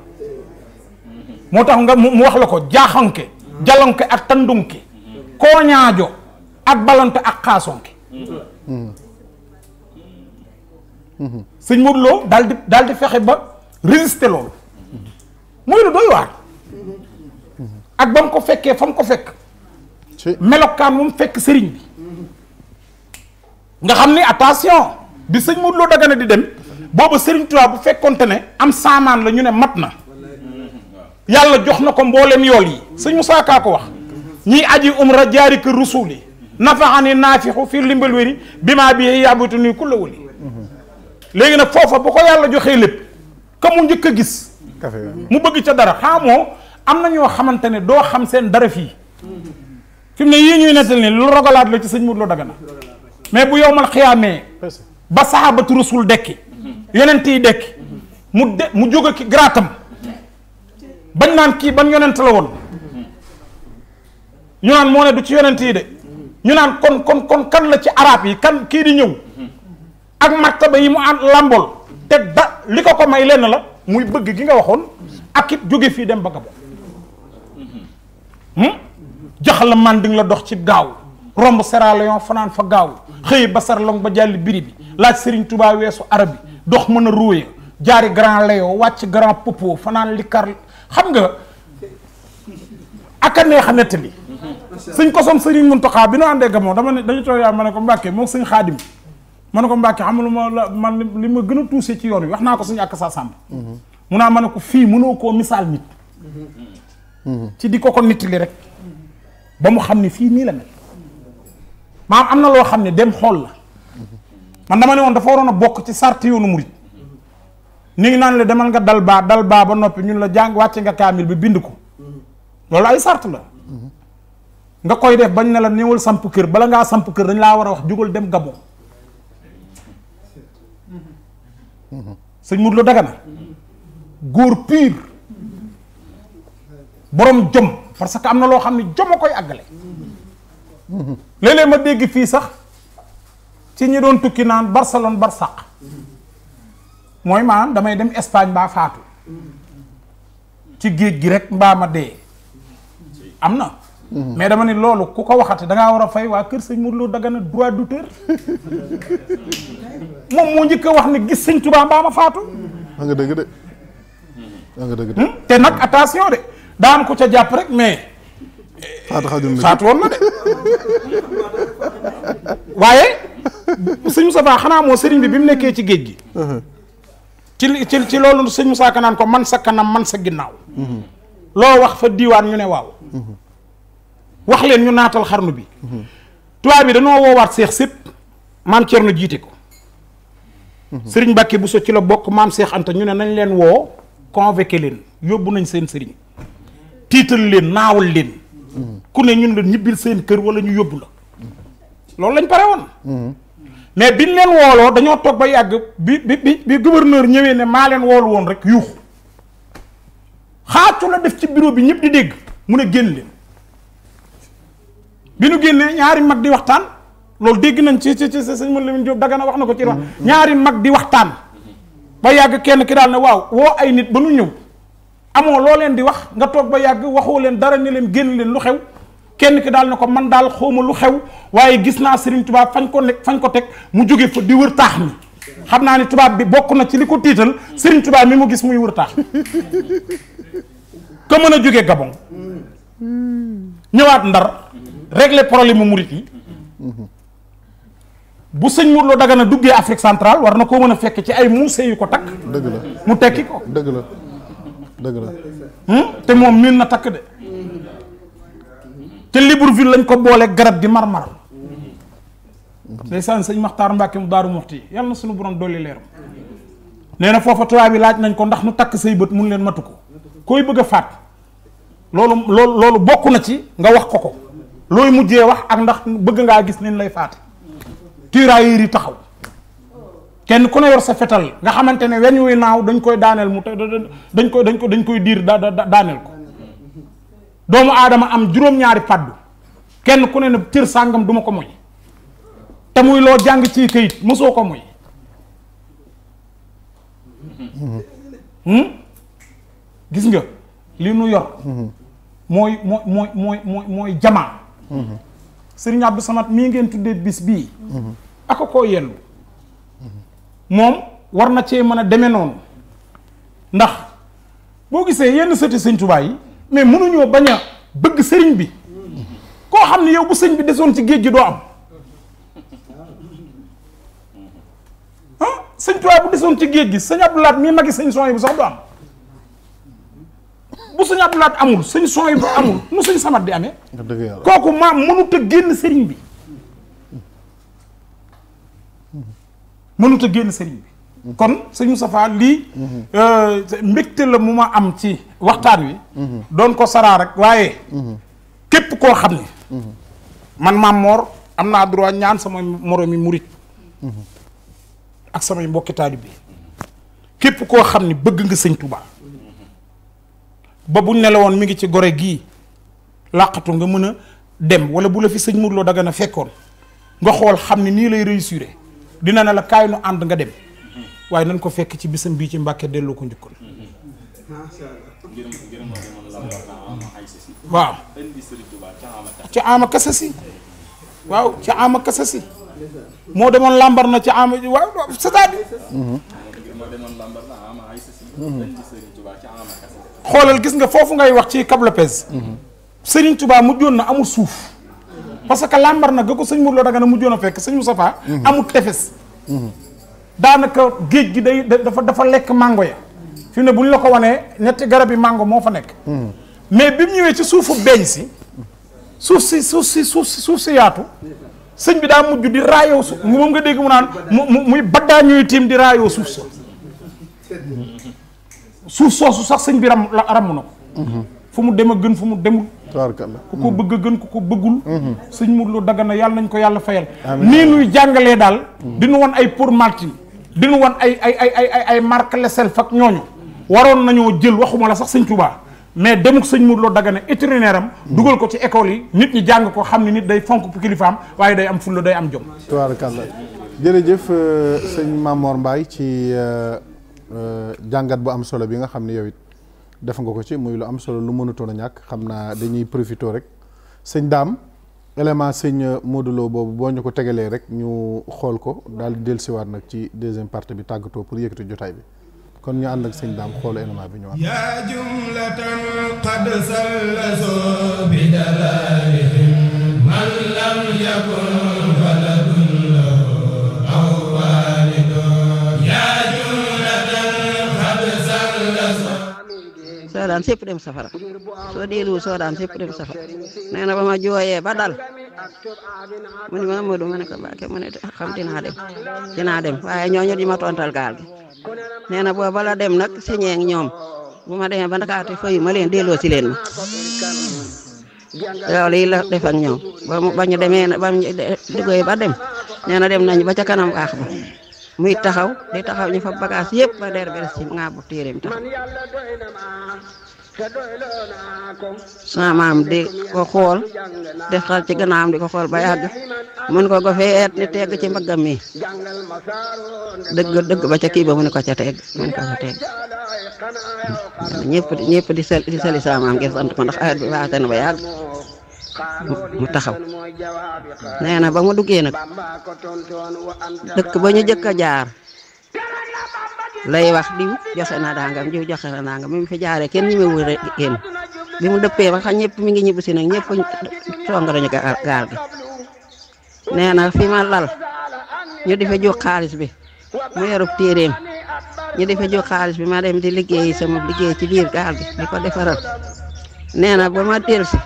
motax nga mu wax lako ko jalonke ak tandunke koñaajo ak balonte ak xasonke seigne Modou Lo dal di dal di fexe ba résister lool moy lu doy war ak bam ko fekke fam ko fek melokan mu fek sëriñ bi nga xamni attention bi seigne dagana di dem bobu sëriñ touba bu fekkontene am saman la ñu ne matna. yàlla jox na ko mboolem yool yi sëñ Moussa Ka ko wax ñi aji umra jaari ke rusuli nafa'ani nafihu fi limbal wéri bima bi yabutuni kullu wali legi wëli fofa bu ko yàlla joxe lépp ka mu ñëk gis mu bëgg ci dara xamoo amna na ñoo xamante ne xam seen dara fi fi ne yi ñuy netal ni lu rogalat la ci sëñ Modou Lo Dagana mais bu yowmal khiyamé ba sahabatu rusul dekk yonenti dekk mu mu joge ak ki garaatam bañ naan kii ban yonent la woon ñu naan moo ne du ci yonent yi de ñu naan kon kon kon kan la ci araab yi kan kii di ñëw ak martaba yi mu ànd làmbool te da li ko ko may lenn la muy bëgg gi nga waxoon ak it jóge fii dem ba Gabon hmm? jaxal la manding la dox ci gaaw romb Sierra Leone fanaan fa gaaw xëy ba long ba jàlli biri bi laaj sëriñ Touba weesu arab yi dox mën a ruwee jaari Grand Layo wàcc Grand Popo fanaan likar xam nga aka neex a nettali sëñ kosom sëriñ Muntaxa bi nu àndee gamoo dama ne dañu toog yaa ma ne ko Mbàkke mook sëñ xaadim ma ne ko Mbàkke xam lu ma la man li ma gën a tuusee ci yoon wi wax naa ko suñu ak sa sàmb mu naa mane ko fii munoo koo misaal nit ci di ko ko nettali rek ba mu xam ni fii nii la mel maam am na loo xam ne dem xool la man dama ne woon dafa waroon a bokk ci sart yoonu murit ni ngi nan le demal nga dal ba dal ba ba nopi ñun la jang wàcce nga kamil bi bind ko loolu ay sart la nga koy def bañ na la niwul samp keur bala nga samp keur dañ la wara wax jugul dem gabon seigne mut dagana gor pur borom jom parce que amna lo xamni jom akoy koy lele ma dégg fi sax ci ñi doon tukki naan barcelone barsak mooy maanaam damay dem Espagne baa faatu ci géej gi rek mbaa ma dee am na mhm. mais dama ne loolu ku ko waxati dangaa war a fay waa kër sëñ Modou Lo Dagana droit d'auteur moom moo njëkk a wax ne gis sëñ Tuubaa mbaa ma faatu a nga dëgg de hmm? te nag attention de daan ko ca jàpp rek mais faatu woon na de waaye sëñ Moustapha xanaa moo sëriñ bi bi mu nekkee ci géej gi uh-huh. ci ci ci loolu sëñ Moussa Ka ko man sa kanam man sa ginnaw lo wax fa diwan ñu ne waw wax len ñu natal xarnu bi tuwa bi wo wat cheikh sip mam cierno jité ko sëriñ bu so ci la bok mam cheikh Anta ñu ne nañ len wo convoquer len yobbu nañ seen serigne len nawul len ku ne ñun la ñibil seen kër wala ñu yobbu la lañ paré won mais biñ leen wooloo dañoo toog ba yàgg bi bi bi gouverneur ñëwee ne maa leen woolu woon rek yuuxu xaacu la def ci bureau bi ñëpp di dégg mu ne génn leen bi nu génnee ñaari mag di waxtaan loolu dégg nañ ci ci ci sëñ Mame Lamine Diop wax na ko ci wax mm-hmm. ñaari mag di waxtaan ba yàgg kenn ki daal ne waaw woo ay nit ba nu ñëw amoo loo leen di wax nga toog ba yàgg waxoo leen dara ne leen génn leen lu xew kenn ki daal ne ko man daal xawma lu xew waaye gis naa Serigne tubaab fañ ko nekk fañ ko teg mu jóge fa di wër taax mi xam naa ne tubaab bi bokk na ci li ko tiital Serigne tubaab mi mu gis muy wër taax ka mën a jóge Gabon ñëwaat Ndar régler problème mu murit yi bu sëñ lu Lo na duggee Afrique centrale war na koo mën a fekk ci ay musée yu ko takk dëgg la mu tekki ko dëgg la dëgg la hmm? te moom miin na takk de te Libreville lañ ko boole garab di marmar ndeysaan sëñ Maxtaar Mbàkke mu daru muxti yalla suñu borom doli leer neena fofu foofa bi laaj nañ ko ndax nu tak sey lolo mu ngi len matuko koy bëgg faat lolu lolu bokku na ci nga wax ko ko loy mujjé wax ak ndax bëgg nga gis nin lay faat tirailleurs yi taxaw kenn ku ne war sa fetal nga xamantene dañ koy daanel mu dañ koy dañ ko dañ koy dir da ko doomu aadama am juróom-ñaari fàddu kenn ku ne ne cër sàngam duma ko moy te muy loo jàng ci këyit mosoo ko moy hmm? gis nga li nu yor hmm. mooy mooy mooy mooy mooy mooy jamaa hmm. sëriñ Abdou mii ngeen tuddee bis bii aka koo yendu moom war na cee mën a deme noonu ndax boo gisee yenn sëti sëñ Tuubaa yi mais mënuñoo bañ a bëgg sëriñ bi koo xam ne yow bu sëñ bi desoon ci géej gi doo am ah sëñ Tuubaa bu desoon ci géej gi sëñ Abdou Lahad mii magi sëñ Suwaybu bu sax du am bu sëñ Abdou Lahad amul sëñ Suwaybu bu amul nu sëñ Samat di amee kooku maam mënut a génn sëriñ bi mënut a génn sëriñ bi kon sëñ Moustapha li mhm. euh, mbégte la mu ma am ci waxtan wi mhm. don ko sara rek waye mhm. kep ko xamni man ma mor amna droit ñaan sama moromi mourid ak sama mbokki talib képp koo xam ne bëgg nga sëñ Touba ba bu nelawoon mi ngi ci goré gi laqatu nga mëna dem wala bu la fi sëñ Mourlo daga na fekkon nga xol xamni ni lay réussiré dina na la kaynu and nga dem waaye nañ ko fekk ci bisam bii ci mbakke delloo ko njukkal. waaw. ci ama kasa si. waaw ci ama kasa si. moo demoon làmbar na ci ama waaw cest à xoolal gis nga foofu ngay wax ci kablapes. Serigne Touba mujjoon na amul suuf. parce que lambar na ga ko sëñ Mourlo daga na mujjoon a fekk sëñ Moustapha. Mhm. amul tefes. Mhm. daanaka géej gi day dafa dafa lekk mango ya fi ne bu ñu la ko wanee ñetti garab yi mango moo fa nekk hmm. mais bi mu ñëwee ci suufu beeñ si suuf si suuf si suuf si suuf si yaatu sëñ bi daa mujj di raayoo suuf dégg mu naan mu muy baddaa tiim di raayoo suuf so hmm. suuf soosu sax sëñ bi ram ramm na ko hmm. fu mu dem ak gën fu mu demul ku ko bëgg gën ku ko bëggul mhm. sëñ Modou Dagana yalla nañ ko yalla fayal ni nuy jàngalee daal mhm. diñu won ay pour Martin diñu won ay ay ay ay ay marque le self ak ñooñu waron nañu jël waxuma la sax sëñ Touba mais demuk sëñ Modou Lo Dagana itinéraire am mhm. dugal ko ci école yi nit ñi jàng ko xamni nit day fonk kilifam waye day am fulla day am jom tabarakallah jërëjëf euh, sëñ Mamor Mbaye ci euh, euh, jàngat bu am solo bi nga xamni yowit def nga ko ci muy lu am solo lu mënutoon a ñàkk xam naa dañuy profité rek sëñ daam élément sëñ Modou boobu boo ñu ko tegalee rek ñu xool ko daal di dellusiwaat nag ci deuxième partie bi tàggatoo pour yëkkati jotaay bi kon ñu ànd ak sëñ daam xoolu élément bi ñu wax yaa jumlatan qad sallaso bi dalalihim man lam yakun soodaan sépp dem safara soo deeluwu soodaan sépp dem safara nee na ba ma jooyee ba dal mu ni ma Modou ma ne ko dinaa dem dinaa dem waaye ñooñu di ma tontal gaal gi nee na boo bala dem nag siñee ñoom bu ma demee ba ndakaate fayu ma leen delloo si leen ma loolu yi la ñoom ba ñu demee ba ñu duggee ba dem nee na dem nañu ba ca kanam baax ba muy taxaw di taxaw ñu fa bagage yépp ba der beres ci nga bu téeréem tax sa maam di ko xol def xal ci gannaam di ko xol ba yag mun ko go feet ni tegg ci mbaggam mi dëgg dëgg ba ca ki ba mu ko ca tegg mu ko ca tegg ñepp ñëpp di sel di sel sa maam ngir sant ko ndax ay bi baax ba yag taxaw neena na ba ma duggé nak dëkk ba ñu jëkk jaar lay wax diw joxé na dangam diw joxé na dangam mi fi jaaré kenn ñi mu wër kenn bi mu dëppee ba xam ñëpp mi ngi ñibbisi nag ñëpp songa nañu gaal gi neena fi ma lal ñu difa jox bi mu yorub téréem ñu difa jox bi ma dem di liggéey sama liggéey ci biir gaal gi di ko defaral neena na ba ma dellusi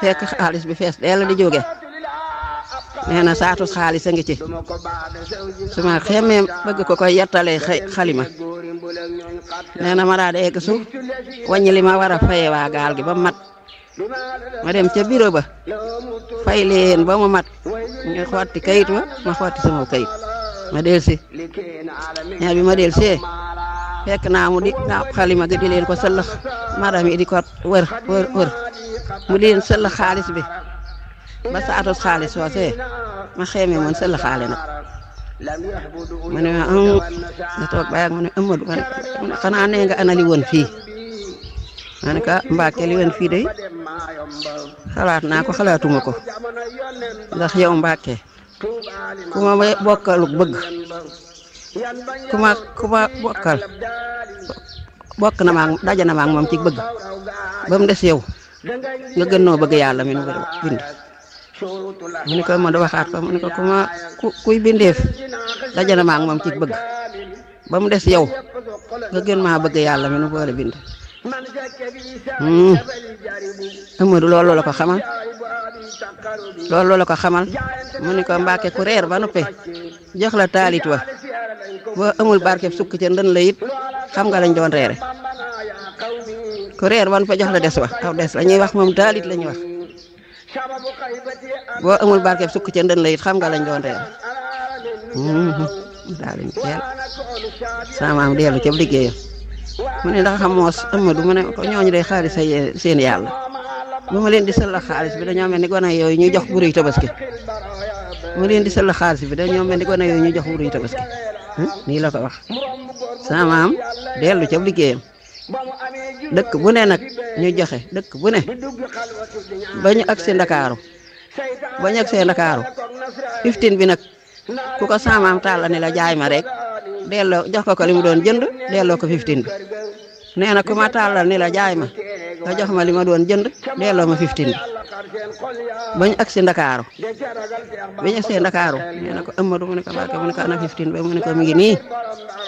fekk xaalis bi fees dell di jóge nee na saatu xaalis a ngi ci su ma xemee bëgg ko koy yettalee xalima nee na ma daa di egg su wàññi li ma war a fayee waa gaal gi ba mat ma dem ca biro ba fay leen ba mu mat ñu xotti kayit ma ma xotti sama kayit ma del si ñaa bi ma del see fekk naa mu di naa xalima gi di leen ko sëllëx madame yi di ko wër wër wër mu di leen xaalis bi ba saatu xaalis soosee ma xeemee moon sëll xaale nag ma ne am nga toog ba yàgg ma ne Amadou nee nga ana li woon fii ma ne ko ah, Mbacke li xalaat naa ko xalaatuma ko ndax yow Mbacke ku ma bëgg ku ma ku ma bokkal bokk na maag daje na maag moom ci bëgg ba mu des yow. nga gën noo bëgg yàlla mi nu ko bind mu ni ko ma da waxaat mu ni ko ku kuy bindeef dajana ma ak moom ci bëgg ba mu des yow nga gën maa bëgg yàlla mi nu boole bind hmm. Amadu loolu la ko xamal loolu la ko xamal mu ni ko Mbàkke ku reer ba nuppe jox la taalit wa boo amul barkeb sukk ca la it xam nga lañ doon reere ku reer wan fa jox la des wa aw des la ñuy wax moom daalit la ñuy wax boo amul barkeb sukk ca ndën la xam nga lañ doon reer daal lañ teel sama am dellu ca liggéeyam mu ne ndax xam moos du mu ne ko ñooñu day xaalis seen yàlla ba ma leen di sël la xaalis bi dañoo mel ni gone yooyu ñu jox buruy tabaski ma leen di sëlla xaalis bi dañoo mel ni gone yooyu ñu jox buruy tabaski hmm? nii la ko wax sama am dellu ca liggéeyam dëkk bu ne nag ñu joxe dëkk bu ne ba ñu agsi ndakaaru ba ñu agsee ndakaaru fifteen bi nag ku ko saamaam tàlla ne la jaay ma rek delloo jox ko ko li mu doon jënd delloo ko fifteen bi nee na ku ma tàllal ni la jaay ma nga jox ma li ma doon jënd delloo ma fifteen bi bañ agsi ndakaaru bañ agsi ndakaaru nee na ko Amadou mu ne ko barke mu ne ko ana 15 ba mu ne nii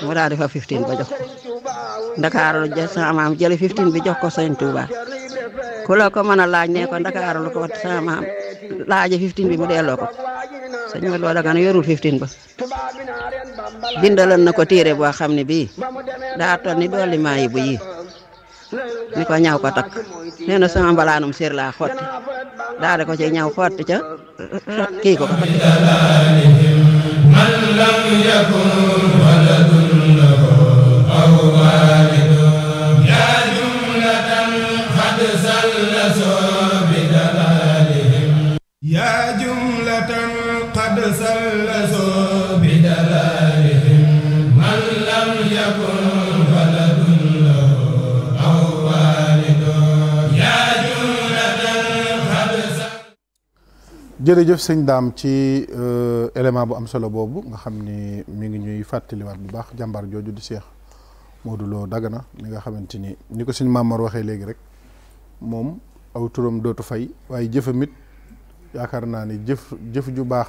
mu daal fa 15 ba jox ko ndakaaru sama maam jële 15 bi jox ko sëñ Touba ku la ko mën a laaj nee ko ndakaaru lu ko wat sama maam laaje 15 bi mu delloo ko sëñ ma loo daga na yorul 15 ba bindaloon na ko téere boo xam ne bii daa ni dolli maa bu yii ni ko ñaw ko takk nee na sama mbalaanum sér laa xotti ko ci ñaw xotti ca kii ko ko takk yaa jërëjëf sëñ daam ci euh, élément bu am solo boobu nga xam ni mu ngi ñuy fàttaliwaat bu baax jàmbar jooju di Cheikh loo dagg na mi nga xamante ni ni ko sëñ Mamar waxee léegi rek moom aw turam dootu fay waaye jëfam it yaakaar naa ni jëf jëf ju baax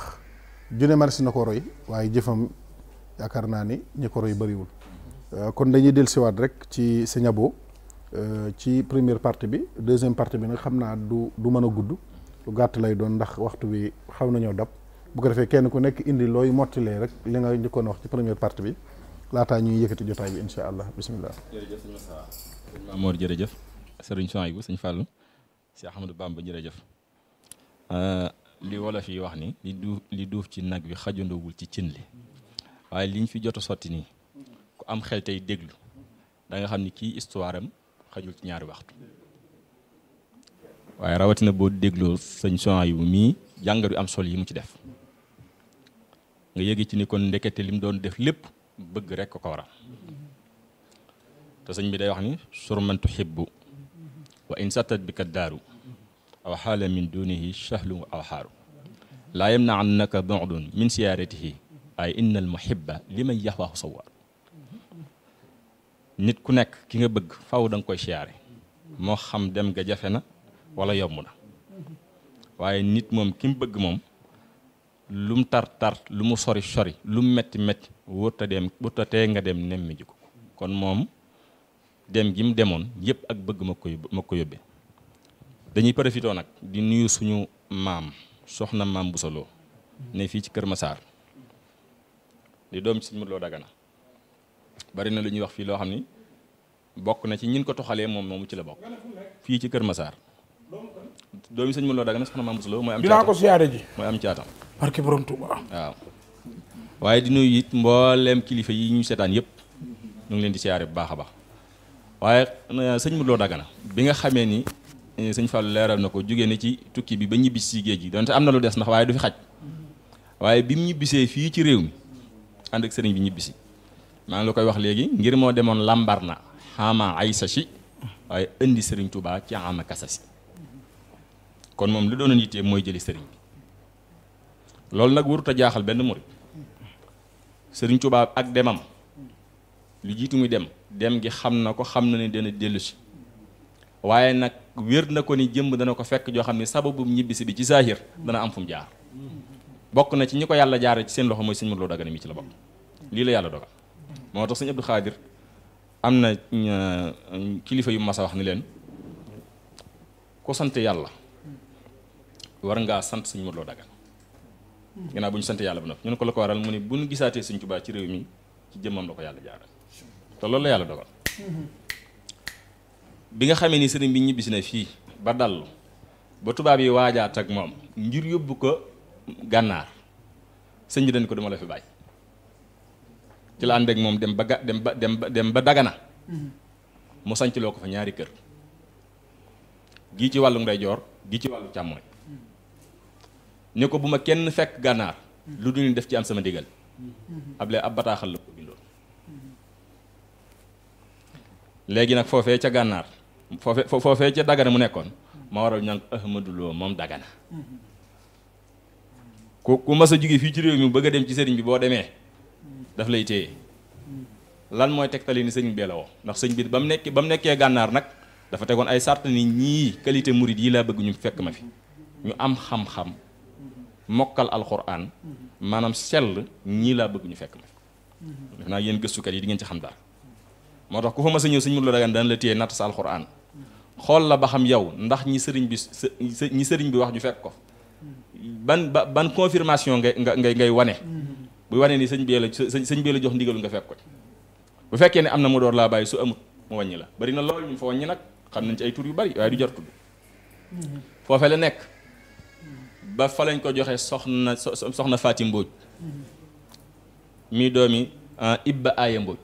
june marsi na ko roy waaye jëfam yaakaar naa ni ñi ko roy bëriwul euh, kon dañuy dellusiwaat rek ci sëñ Abo euh, ci première partie bi deuxième partie bi nga xam naa du du mën a gudd lu gàtt lay doon ndax waxtu bi xaw nañoo dab bu ko defee kenn ku nekk indi looy mottilee rek li nga njëkkoon wax ci première partie bi laataa ñuy yëkkati jotaay bi incha allah bisimilah. jërëjëf sëñ Moussa Mamour jërëjëf sëriñ Souhaïbou sëñ Fallou si Ahmadou Bamba jërëjëf euh, li wolof yi wax ni li duuf li duuf ci nag wi xajandoowul ci cin li waaye liñ fi jot a sotti nii ku am xel tey déglu da nga xam ni kii histoire am xajul ci ñaari waxtu waaye rawatina bo deglo sëñ son yu mi jangaru am sol yi mu ci def nga yegi ci ni kon ndekete lim doon def lépp beug rek ko ko waral te sëñ bi day wax ni surman tuhibbu wa in satat bika daru aw hala min dunihi shahlu aw haru la yamna annaka ba'dun min siyaratihi ay innal muhibba liman yahwaahu sawar nit ku nek ki nga beug faaw dang koy siyaré mo xam dem ga jafena wala yomb na waaye nit moom kim bëgg moom lu mu tar tar lu mu sori sori lum metti metti wërta dem wërta tee nga dem nemmi ji ko kon moom dem gi demoon yëpp ak bëgg ma ko yóbbee dañuy profité nag di nuyu suñu maam soxna maam Bousso Lo ne fii ci Kër Massar di doom ci suñu loo dagana bari na lu ñuy wax fii loo xam ni bokk na ci ñin ko toxalee moom moomu ci la bokk fii ci Kër Massar doomi sëñ Modou Lo Dagana soxna Mame Bousso Lo mooy am dinaa ko siyaare mooy am caatam barke borom Touba waaw waaye di nuyu it mbooleem kilifa yi ñu seetaan yëpp ñu ngi leen di siyaare bu baax a baax waaye euh, sëñ Modou Dagana bi nga xamee ni euh, sëñ Fallou leeral na ko jógee na ci tukki bi ba ñibbisi si géej gi donte am na lu des ndax waaye du fi xaj waaye bi mu ñibbisee fii ci réew mi ànd ak sëriñ bi ñibbisi maa ngi la koy wax léegi ngir moo demoon lambar na xamaa ay sachi waaye indi sëriñ Touba ci ama kasasi kon moom li doonoon yitteem mooy jëli sëriñ bi loolu nag warut jaaxal benn murit sëriñ Tuubaa ak demam lu jiitu muy dem dem gi xam na ko xam na ne denn dellusi waaye nag wér na ko ni jëmb dana ko fekk joo xam ne sababu ñibbisi bi ci saahir dana am fu mu jaar bokk na ci ñi ko yàlla jaar ci seen loxo mooy sëñ Modou Lo Dagana mi ci la bokk lii la yàlla dogal moo tax sëñ Abdou Khadir am na euh, kilifa yu masa wax ni leen ku sant yàlla war ngaa sant sëñ Modou Lo Dagan gannaaw bu ñu sant yàlla ba noppi ñu ne ko la ko waral mu ne bu ñu gisaatee sëñ Tuubaa ci réew mi ci jëmmam la ko yàlla jaaral te loolu la yàlla dogal bi nga xamee ni sëriñ bi ñibbisi na fii ba dallu ba tubaab yi waajaat ak moom ngir yóbbu ko gànnaar sëñ bi ko duma la fi bàyyi ci la ànd ak moom dem ba ga dem ba dem ba dem ba dagana mu sanc loo ko fa ñaari kër gii ci wàllu ndeyjoor gii ci wàllu càmmooñ ne ko buma ma kenn fekk ganar lu duñu def ci am sama digal ablé abata xal ko bindo légui nak fofé ca ganar fofé fofé ca dagana mu nekkon ma waral ña Ahmadu Lo mom dagana ko ku ma sa jigi fi ci rew mi bëgg dem ci sëriñ bi bo démé daf lay téye lan moy tektali ni sëriñ bee la woo ndax sëñ bi bam nekk bam nekké ganar nak dafa tégon ay sart ni ñi qualité mouride yi la bëgg ñu fekk ma fi ñu am xam-xam mokkal alxuraan maanaam sell ñii laa bëgg ñu fekk ma def naa yéen gëstukat yi di ngeen ci xam dara moo tax ku fa ma sa ñëw sëñ Modou Lo Dagana daan la téye natt sa alxuraan xool la ba xam yow ndax ñi sëriñ bi ñi sëriñ bi wax ñu fekk ko ban ba ban confirmation ngay ngay ngay wane bu wane ni sëñ bee la sëñ bi la jox ndigalu nga fekk ko bu fekkee ne am na mu door laa bàyyi su amut mu wàññi la bari na loolu ñu fa wàññi nag xam nañ ci ay tur yu bari waaye du jar tudd mm-hmm. la nekk ba fa lañ ko joxe soxna soxna Faati Mbóoj mii doomi ah, Ibba Aaya Mbóoj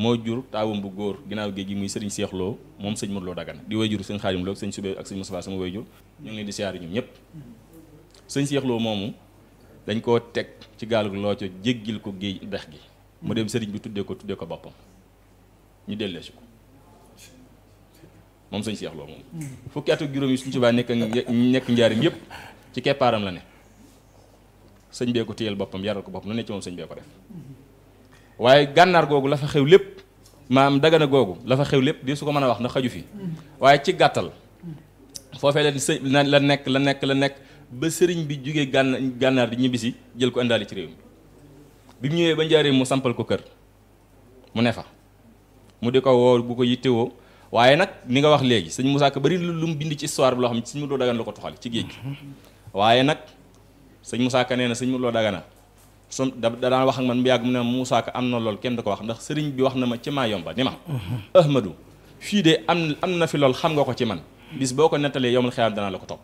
moo jur taawam bu góor ginnaaw géej gi muy sëriñ Seex moom sëñ Modou Lo Dagana di way jur sëñ Xaadim Lo ak sëñ Sube ak sëñ Moustapha sama way jur ñu ngi leen di siyaari ñoom ñëpp sëñ Seex moomu dañ koo teg ci gaalu loo ca jéggil ko géej dex gi mu dem sëriñ bi tuddee ko tuddee ko boppam ñu dellee si ko moom sañ Cheikh Lo moom fukki at ak juróom yi suñ Tuubaa nekk nekk njaarim yëpp ci keppaaram la ne sëñ bee ko téyel boppam yaral ko boppam lu ne ci moom sëñ bee ko def waaye gànnaar googu la fa xew lépp maam dagane googu la fa xew lépp di su ko mën a wax na xaju fi waaye ci gàttal foofee la sëñ la nekk la nekk la nekk ba sëriñ bi jógee gànn gànnaar di ñibbisi jël ko indaale ci réew mi bi mu ñëwee ba njaarim mu sampal ko kër mu ne fa mu di ko woo bu ko yittewoo waaye nag li nga wax léegi sëñ Moussa Ka bari lu mu bind ci histoire bi loo xam ne sëñ Modou Dagana la ko toxal ci géej gi waaye nag sëñ Moussa Ka nee na sëñ Modou Dagana su da daan wax ak man mu yàgg mu ne Moussa Ka am na lool kenn du ko wax ndax sëriñ bi wax na ma ci maa yomba ni ma Ahmadou fii de am am na fi lool xam nga ko ci man bis boo ko nettalee yomul xeyaam danaa la ko topp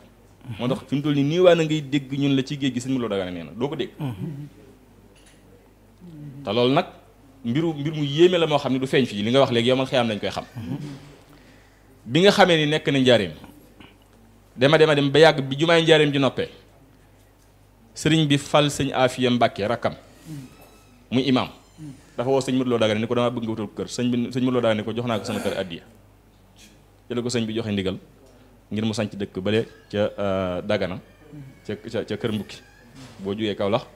moo tax fi mu toll nii nii waa na ngay dégg ñun la ci géej gi sëñ Modou Dagana nee na doo ko dégg te loolu nag mbiru mbir mu yéeme la moo xam ne du feeñ fii li nga wax léegi yomal xeyaam lañ koy xam bi nga xamee ni nekk na njaareem dema dema dem ba yàgg bi jumaay njaareem ji noppee sëriñ bi fal sëñ Afiya Mbàkke rakkam mu imaam dafa woo sëñ Modou Lo Dagana ni ko dama bëgg nga wutal kër sëñ bi sëñ Modou ko jox naa ko sama kër sëñ bi joxe ndigal ngir mu sanc dëkk bale ca euh, Dagana ca ca kër mbukki boo jógee Kawlax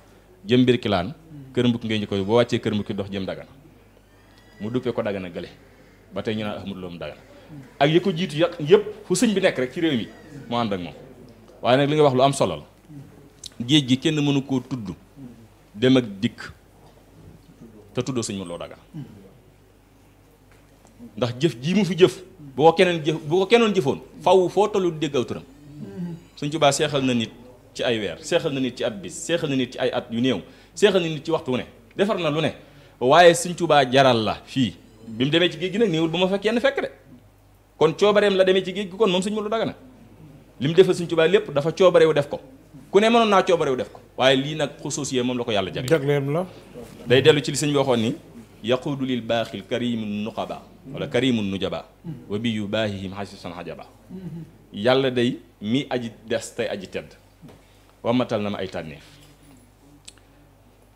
jëm mbir kilaan kër mbukki ngay njëkkoy boo wàccee kër mbukki dox jëm Dagana mu duppee ko Dagana gële ba te ñu naan Ahmadu Lo mu Dagana ak yi ko jiitu yëpp fu sëñ bi nekk rek ci réew mi mu ànd ak moom waaye nag li nga wax lu am solo géej gi kenn mënu koo tudd dem ak dikk te tuddoo sëñ Modou Lo Daga ndax jëf jii mu fi jëf bu ko keneen jëf bu ko jëfoon faw foo tollu dégg aw sëñ Tuubaa seexal na nit ci ay weer seexal na nit ci at bis seexal na nit ci ay at yu néew seexal na nit ci waxtu wu ne defar na lu ne waaye sëñ Tuubaa jaral la fii bi mu demee ci géej gi nag néewul bu ma fa kenn fekk kon coobareem la demee ci géej gi kon moom sëñ Modou na li mu defal sëñ Tuubaa lépp dafa coobarewu def ko ku ne mënoon naa coobarewu def ko waaye lii nag xusuusiyee moom la ko yàlla jagle jagleem la day dellu ci li sëñ bi waxoon ni yaquudu lil baaxil karimun nuqaba wala karimun nujaba wa bi yu baahihim xasisan xajaba yàlla day mi aji des tey aji tedd wamatal na ma ay tànneef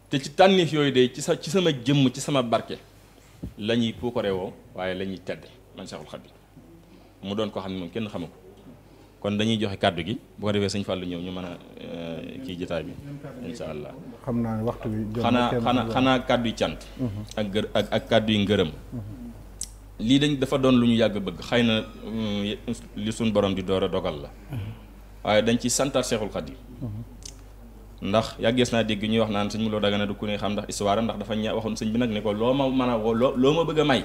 te ci yooyu day ci sa ci sama jëmm ci sama barke lañuy ñuy puukare waaye la ñuy tedd man Seexul Xadiim mu doon ko xam ne moom kenn xamu ko kon dañuy joxe kàddu gi bu ko defee sëñ Fallou ñëw ñu mën a eh, kii jotaay bi incha allah. xam naa xanaa xanaa xanaa kàddu yi cant. Mhm. ak gër ak ak kàddu yi ngërëm. Mhm. lii dañ dafa doon lu ñu yàgg bëgg xëy na mm, li suñ borom di door dogal la. Mhm. waaye dañ ci santaat Seexul Xadiim ndax yàggees naa dégg ñuy wax naan sëñ mu loo dagana du ku ne xam ndax histoire am ndax dafa ña waxoon sëñ bi nag ne ko loo ma mën a loo ma bëgg a may.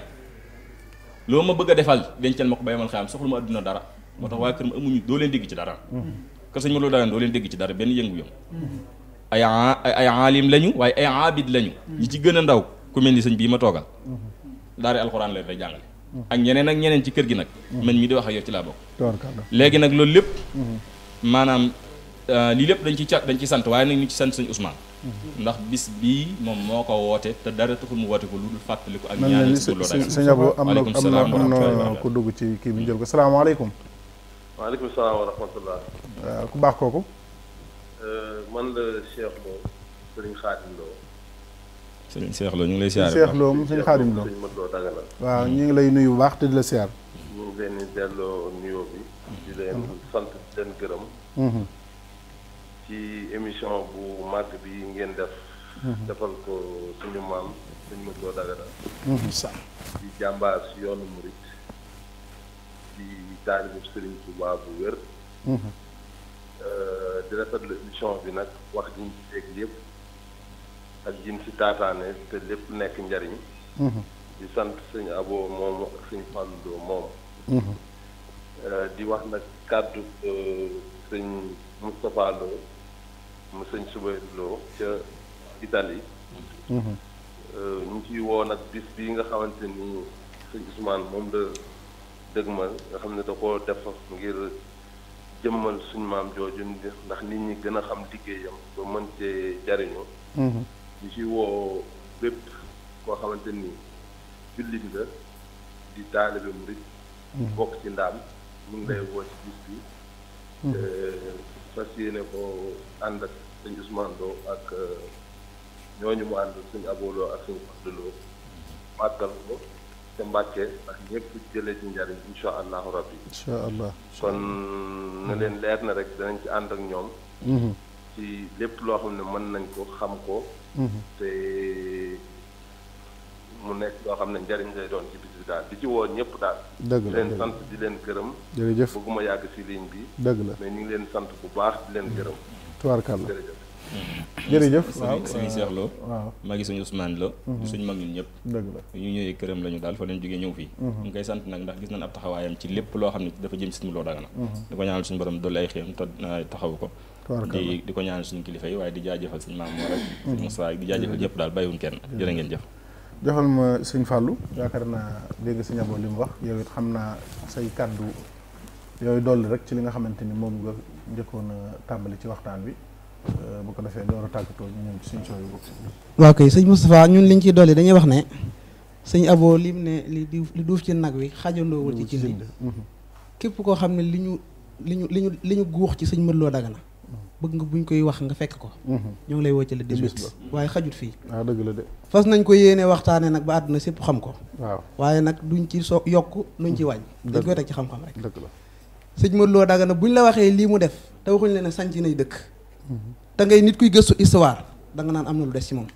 loo ma bëgg defal dencal ma ko bayamal xaam soxlu ma adduna dara moo tax waa kër ma amuñu doo leen dégg ci dara kër sëñ ma loo daan doo leen dégg ci dara benn yëngu-yëngu ay ay aalim lañu waaye ay aabid lañu ñi ci gën a ndaw ku mel ni sëñ bii ma toogal daara alxuraan la dafay jàngale ak ñeneen ak ñeneen ci kër gi nag man mi di wax a yow ci laa bokk léegi nag loolu lépp mhm. maanaam euh, lii lépp dañ ci ca dañ ci sant waaye nag ñu ci sant sëñ Ousmane ndax bis bii moom moo ko wootee te dara taxul mu woote ko lu dul fàttali ko ak ñaanal si lu rafet sëñ Abou am na am na ku dugg ci kii bi hmm. jël ko salaamaaleykum waaleykum salaam wa rahmatullah waaw ku baax kooku euh, man la Cheikh Lo Sëriñ Xaadim ñu ngi lay siyaar Cheikh Lo moom Sëriñ Xaadim ngi lay nuyu bu baax te di la siyaar ñu ngi delloo nuyoo bi di leen hmm. sant di gërëm hmm. ci émission bu màgg bi ngeen def. Mhm. defal ko suñu maam suñu mëtloo dagara. Mhm, di jàmbaar yoonu murit di taalibu Sëriñ Tuubaa bu wér. Mhm. Euh, di rafetlu émission bi nag wax jiñ ci dégg yëpp ak jiñ si taataane te lépp nekk njariñ di sant sëñ Abo moom ak sëñ Fallou moom. Euh, di wax nag kàddu euh, sëñ Moustapha mu sëñ suba loo ca Italie mhm. euh, ñu ciy woo nag bis bi nga xamante ni sëñ Ousmane moom la dëgmal nga xam ne da koo def ngir jëmmal suñ maam jooju ndax nit ñi gën a xam liggéeyam ba mën cee jariñu mhm. ñu ciy woo bépp koo xamante ni jullit nga di taalibe murit mhm. bokk ci ndaam mu ngi lay woo ci bis bi euh, fas yéene ko ànd sëñ Ousmane Lo ak euh, ñooñu mu ànd sëñ aboloo ak sëñ Abdoulou mm-hmm. màggal ko te Mbàkke ak ñëpp jëlee ci njariñ incha allahu rabbi incha allah kon na mm-hmm. leen leer na rek danañ ci ànd ak ñoom mm-hmm. ci lépp loo xam ne mën nañ ko xam ko te mu nekk loo xam ne njariñ lay doon ci bis bi daal di ci woo ñëpp daal dëgg la leen sant di leen gërëm jërëjëf yàgg si ligne bi dëgg la ñu ngi leen sant bu baax di leen gërëm tubaarkàlla jërëjëf waaw mm-hmm. sëñ Cheikh Lo waaw maa ngi suñu Ousmane Lo mm-hmm. di suñu mag ñun ñëpp dëgg la ñu ñëwee këram la ñu daal fa leen jógee ñëw fii mm-hmm. ñu ngi koy sant nag ndax gis nañ ab taxawaayam ci lépp loo xam ne dafa jëm si suñu loo dagana di ko ñaanal suñu borom dolli ay xéem te taxawu ko di di ko ñaanal suñu kilifa yi waaye di jaajëfal suñu maam moo rek suñu Moussa di jaajëfal ñëpp daal bàyyiwuñ kenn jërë ngeen jëf joxal ma sëñ Fallou yaakaar naa dégg si Abo li mu wax yow it xam naa say kàddu yooyu dolli rek ci li nga xamante ni moom nga njëkkoon a tàmbali ci waxtaan wi euh, bu ko defee door a tàggatoo ñu ñëw ci suñu sooy bu sëñ Moustapha ñun liñ ciy dolli dañuy wax ne sëñ Abo lim ne li li duuf ci nag wi xaajandoowul ci cin li képp koo xam ne li ñu li ñu li ñu li ñu guux ci sëñ Modou Lo Dagana bëgg nga buñ koy wax nga fekk ko mhm. ñoo ngi lay la le 18 waaye xajut fii ah, dëgg la fas nañ ko yéene waxtaane nag ba àdduna sépp xam ko waaw waaye nag duñ ci so yokk luñ ci wàññ dañ koy teg ci xam-xam rek dëgg la sëñ Modou Lo bu ñu la waxee lii mu def te waxuñ leen ne sànci nay dëkk. te ngay nit kuy gëstu histoire da nga naan am na lu des ci moom.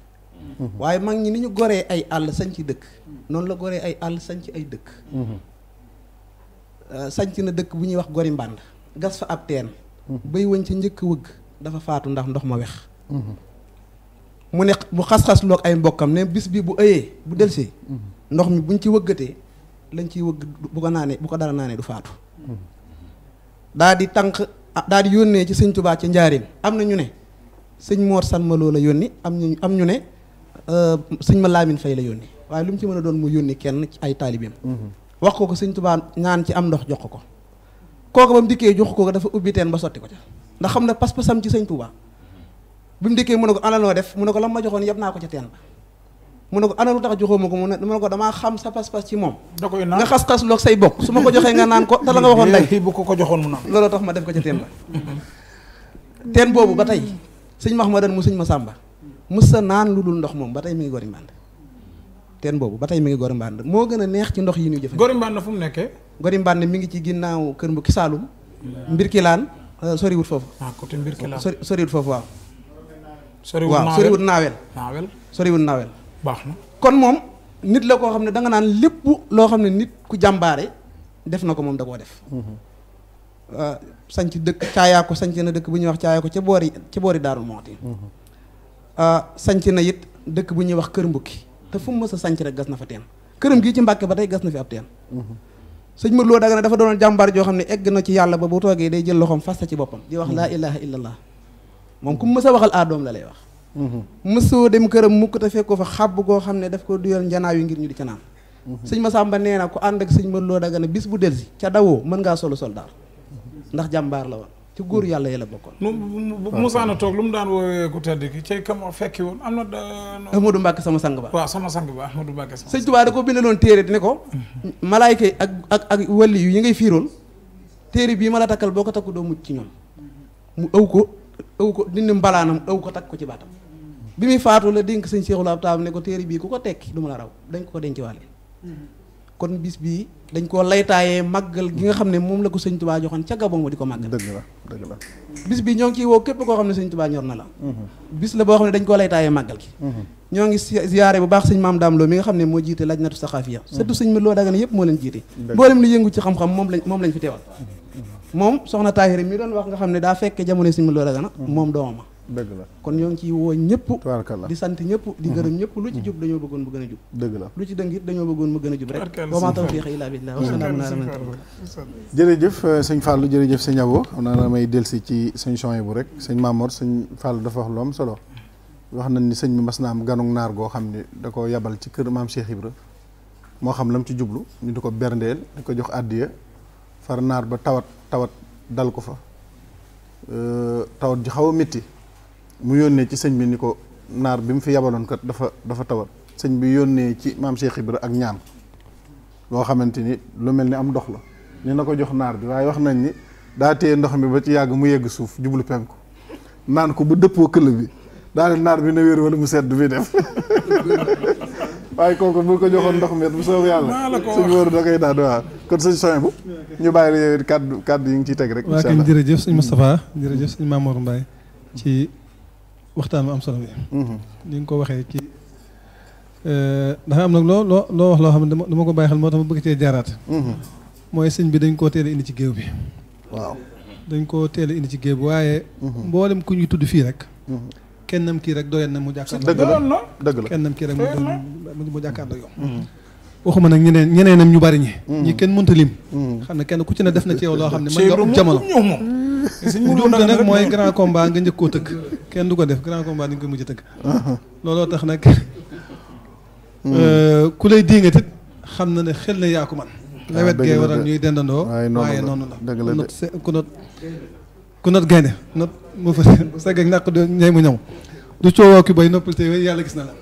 waaye mag ñi ni ñu goree ay àll sànci dëkk. noonu la goree ay àll sànci ay dëkk. Euh, sànci na dëkk bu ñuy wax gori mbànd gas fa ab teen. bay wëñ ci njëkk wëgg dafa faatu ndax ndox ma wex. mu ne mu xas-xas loog ay mbokkam ne bis bi bu ëyee bu delsee ndox mi buñ ci wëggatee lañ ciy wëgg bu ko naanee bu ko dara naanee du faatu. daa di tànq daa di yónnee ci sëñ Tubaa ci njaareem am na ñu ne sëñ Mor Sanma loo la yónni am ñu am ñu ne euh, sëñ ma Laamin Fay la yónni waaye lu mu ci mën a doon mu yónni kenn ci ay taalibeem mm-hmm. wax ko ko sëñ Tubaa ñaan ci am ndox jox ko ko kooku ba mu dikkee jox ko dafa ubbi teen ba sotti ko ca ndax xam na pas-pasam ci sëñ Tubaa bi mu dikkee mu ne ko ana loo def mu ne ko lam ma joxoon yëpp naa ko ca teen ba mu ne ko ana lu tax joxoo ma ko mu ne mu ne ko damaa xam sa pas-pas ci moom nga xas-xas loog say bokk su ma ko joxee nga naan ko te la nga waxoon lay bu ko ko joxoon mu naan looloo tax ma def ko ca teen la teen boobu ba tey sëñ Mahmadan mu ma Masamba mu sa naan lu dul ndox moom ba tey mi ngi gori mbànd teen boobu ba tey mi ngi gori mbànd moo gën a neex ci ndox yi ñuy jëfandikoo gori na fu mu nekkee gori mbànd mi ngi ci ginnaaw kër mbukki Saalum mbir ki laan euh, soriwut foofu ah, soriwut foofu waaw soriwut naawel soriwut naawel baax na kon moom nit la koo xam ne da nga naan lépp loo xam ne nit ku jàmbaare def na ko moom da koo def. Mm-hmm. Ah, sanc dëkk caayaako sanc na dëkk bu ñuy wax caayaako ca boori ca boori Daarul Muxti. Mm-hmm. Ah, sanc na it dëkk bu ñuy wax kër mbukki te fu mu mës a rek gas na fa teen këram gii ci Mbàkke ba tey gas na fi ab teen. Mm-hmm. sëñ loo Lo Dagana dafa doon jàmbaar joo xam ne egg na ci yàlla ba bu toogee day jël loxoom fasta ci boppam. di wax laa ilaaha illallah moom ku mu mës a waxal aadoom la lay wax. mësoo dem këram mukk te fekkoo fa xàbb goo xam ne daf ko duyal njanaaw yu ngir ñu di ca naan sëñ Masamba nee na ku ànd ak sëñ Mor Lo Dagana bis bu delsi ca dawoo mën ngaa solo soldaar ndax jàmbaar la woon ci góor yàlla yi la bokkoon musaana toog lu mu daan woowee ku tedd ki cay woon am na Ahmadou Mbacke sama sang ba waaw sama sang ba Ahmadou Mbacke sama sëñ Tuubaa da ko bindaloon téere ne ko mm-hmm. malaayka yi ak ak ak wàlli yu yi ngay fiiroon téere bii ma la takkal boo ko takku doo mucc ci ñoom mu ëw ko ëw ko dindi mbalaanam ëw ko takk ko ci baatam bi muy faatu la dénk sëñ Seexul Abtaab ne ko téere bii ku ko tekki du la raw dañ ko ko kon bis bii dañ koo laytaayee màggal gi nga xam ne moom la ko sëñ Tubaa joxoon ca Gabon ma di ko màggal bis bii ñoo ngi ciy koo xam ne sëñ Tubaa ñor na la bis la boo xam ne dañ ziyaare bu baax sëñ maam daam loo mi nga xam ne moo jiite lajnatu saxaafiya surtout sëñ mi loo daga ne moo leen jiite mboolem lu yëngu ci xam-xam moom lañ fi teewal moom soxna Taahira mi doon wax nga xam ne daa fekkee jamono sëñ mi loo mm-hmm. dëgg la kon ñoo ngi ciy woo di sant ñëpp di mhm. gërëm ñëpp lu ci mhm. jub dañoo bëggoon mu gën a jub la lu ci dëng it dañoo bëggoon mu gën a jub rek wa maa tawfiiqi illaa billaah wa salaamun alaa jërëjëf euh, sëñ Fallou jërëjëf sëñ Abo xam naa damay delsi ci sëñ Chouaïbou bu rek sëñ Mamour sëñ Fallou dafa wax lu am solo wax nañ ni sëñ bi mas na am ganug naar goo xam ne da ko yabal ci kër maam Cheikh Ibra moo xam lam ci jublu ñu di ko berndeel jox àddiya far naar ba tawat tawat dal ko fa euh, tawat ji xaw a mu yonne ci sëñ bi niko nar bi mu fi yabalon kat dafa dafa tawat sëñ bi yonne ci mam Cheikh Ibra ak ñaan loo xamanteni lu melni am dox la ni nako jox nar bi way wax nañ ni da te ndox mi ba ci yag mu yegg suuf jublu penku nan ko bu deppo keul bi daal nar bi na wér wala mu sedd bi def waaye kooku bu ko joxon ndox mi bu soob yalla suñu wóor da kay daal waaw ko sëñ soñ bu ñu bàyyi kaddu kaddu yi ngi ci teg rek inshallah wa kan jere jeuf jërëjëf mustafa jere jeuf sëñ Mamour Mbaye ci waxtaan bu am solo bi. Mm-hmm. ni nga ko waxee ci euh, dafa am nag loo loo loo wax loo xam ne dama dama ko bàyyi xel moo tax ma bëgg cee mm-hmm. mooy sëñ bi dañ koo teel a indi ci géew bi. waaw dañ koo teel a ci géew waaye. Mm-hmm. mboolem ku ñuy tudd fii rek. kennam kii rek doyen na mu jàkkaarloo. dëgg la dëgg la kennam kii rek mu doyen mu jàkkaarloo yow. waxuma nag ñeneen ñeneenam ñu bari ñi. ñi kenn mënta lim. xam ne kenn ku ci ne def na ci yow loo xam ne mën nga jamono. suñ mënoon dara nag mooy grand combat nga njëkk koo tëgg kenn du ko def grand combat dañ koy mujj tëgg. Uh-huh. looloo tax nag. Hmm. Euh, ku lay diingatit xam na ne xel na yaa ko man ah, nawet gay waral ñuy dendandoo. waaye noonu la dëgg la ku not ku not gaynde not mu fa segg ak nàq do ñay mu ñëw. du coowoo ki bay noppal te yàlla gis na la.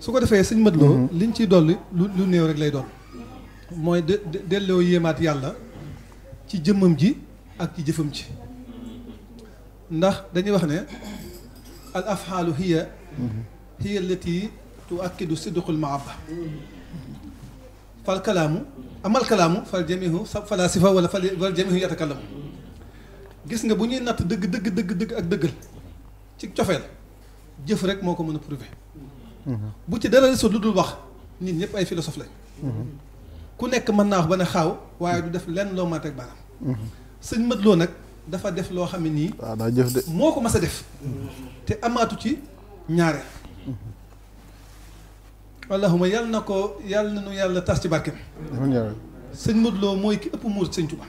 su ko defee sëñ Madloo uh-huh. liñ ciy dolli lu lu néew rek lay doon. mooy de delloo yéemaat yàlla ci jëmmam ji. ak ci jëfëm ci ndax dañuy wax ne al afxaalu hiya hiya allati tuakkidu sidqul ma'abba fal kalamu amal kalamu fal jamihu falaasifa wala fal jamihu yatakallamu gis nga bu ñuy natt dëgg dëgg dëgg dëgg ak dëggal ci ciofel jëf rek moko mëna mën prouver bu ci dara su lu dul wax nit ñëpp ay philosophe lañ ku nekk mën na wax ba ne xaaw waaye du def lenn loo mën a teg sëñ Mat Lo nag dafa def loo xam ne nii. waaw daa jëf de. moo ko mas def. te amaatu ci ñaare. allahuma yàlla na ko yàlla na nu yàlla tas ci barkeem. sëñ Mat loo mooy ki ëpp muur ci sëñ Tuba.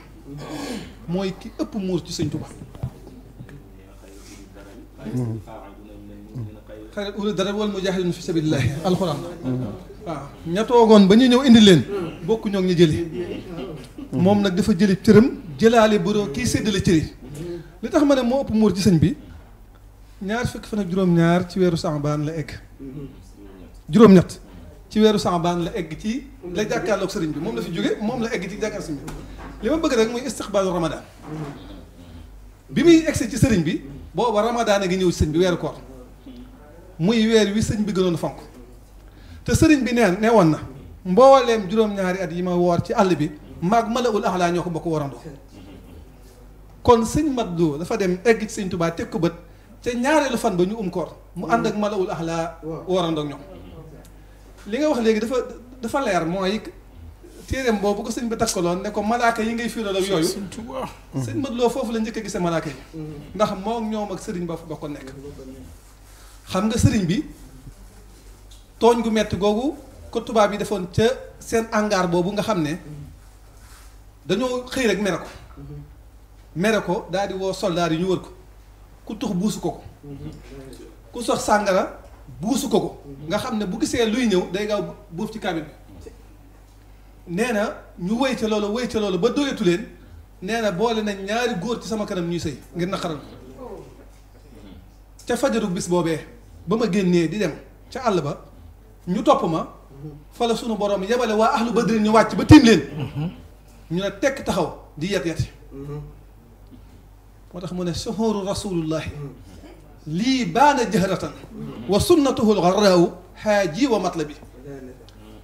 mooy ki ëpp muur ci sëñ Tuba. xarit uri dara wal mujahidin fi sabilillahi alxuraan. waaw ña toogoon ba ñu ñëw indi leen. bokku ñoo ngi ñu jëli. moom nag dafa jëli cëram jëlaale boroo kii séddale cëri li tax ma ne moo ëpp muur ci sëñ bi ñaar fukki fan ak juróom-ñaar ci weeru Sàmbaan la egg juróom-ñett ci weeru Sàmbaan la egg ci la jàkkaarloog sëriñ bi moom la fi jóge moom la egg ci jàkkaar sëriñ bi li ma bëgg rek muy istiqbaalu ramadaan bi muy egsi ci sëriñ bi booba ramadaan a ngi ñëw ci sëñ bi weeru koor muy weer wi sëñ bi gënoon fonk te sëriñ bi neen ne na mbooleem juróom-ñaari at yi ma woor ci àll bi maag malaul ahla ñoo ko bokk warandoo kon sëñ Madou dafa dem sëñ Tuubaa teg ko bët te ñaareelu fan ba ñu um mu ànd ak malaul ahla warandoo ak ñoom nga wax léegi dafa dafa leer mooy téereem boobu ko sëñ bi takkaloon ne ko malaaka yi ngay fiiral ak yooyu sëñ Madou Lo foofu la njëkk a gisee malaaka yi ndax moo ñoom ak sëriñ ba fa bokkoon nekk xam nga sëriñ bi tooñ gu metti googu ko tubaab yi defoon ca seen angaar boobu nga xam ne dañoo xëy rek mere ko mhm. mere ko daal di woo soldaar yi ñu wër ko ku tux buusu ko ko mhm. ku sox sàngara buusu ko ko mhm. nga xam ne bu gisee luy ñëw day gaaw buuf ci cabine bi nee na ñu wéy ca loolu wéy ca loolu ba doyatu leen nee na boole nañ ñaari góor ci sama kanam ñuy sëy ngir naqaral ko oh. ca fajaru bis boobee ba ma génnee di dem ca àll ba ñu topp ma fa la sunu borom yebale waa ahlu badrin ñu wàcc ba tiim leen ñu ne tekk taxaw di yet yet moo tax mu ne suhuru rasulullahi lii baana jahratan wa sunnatuhu lgarraawu xaaji wa matlabi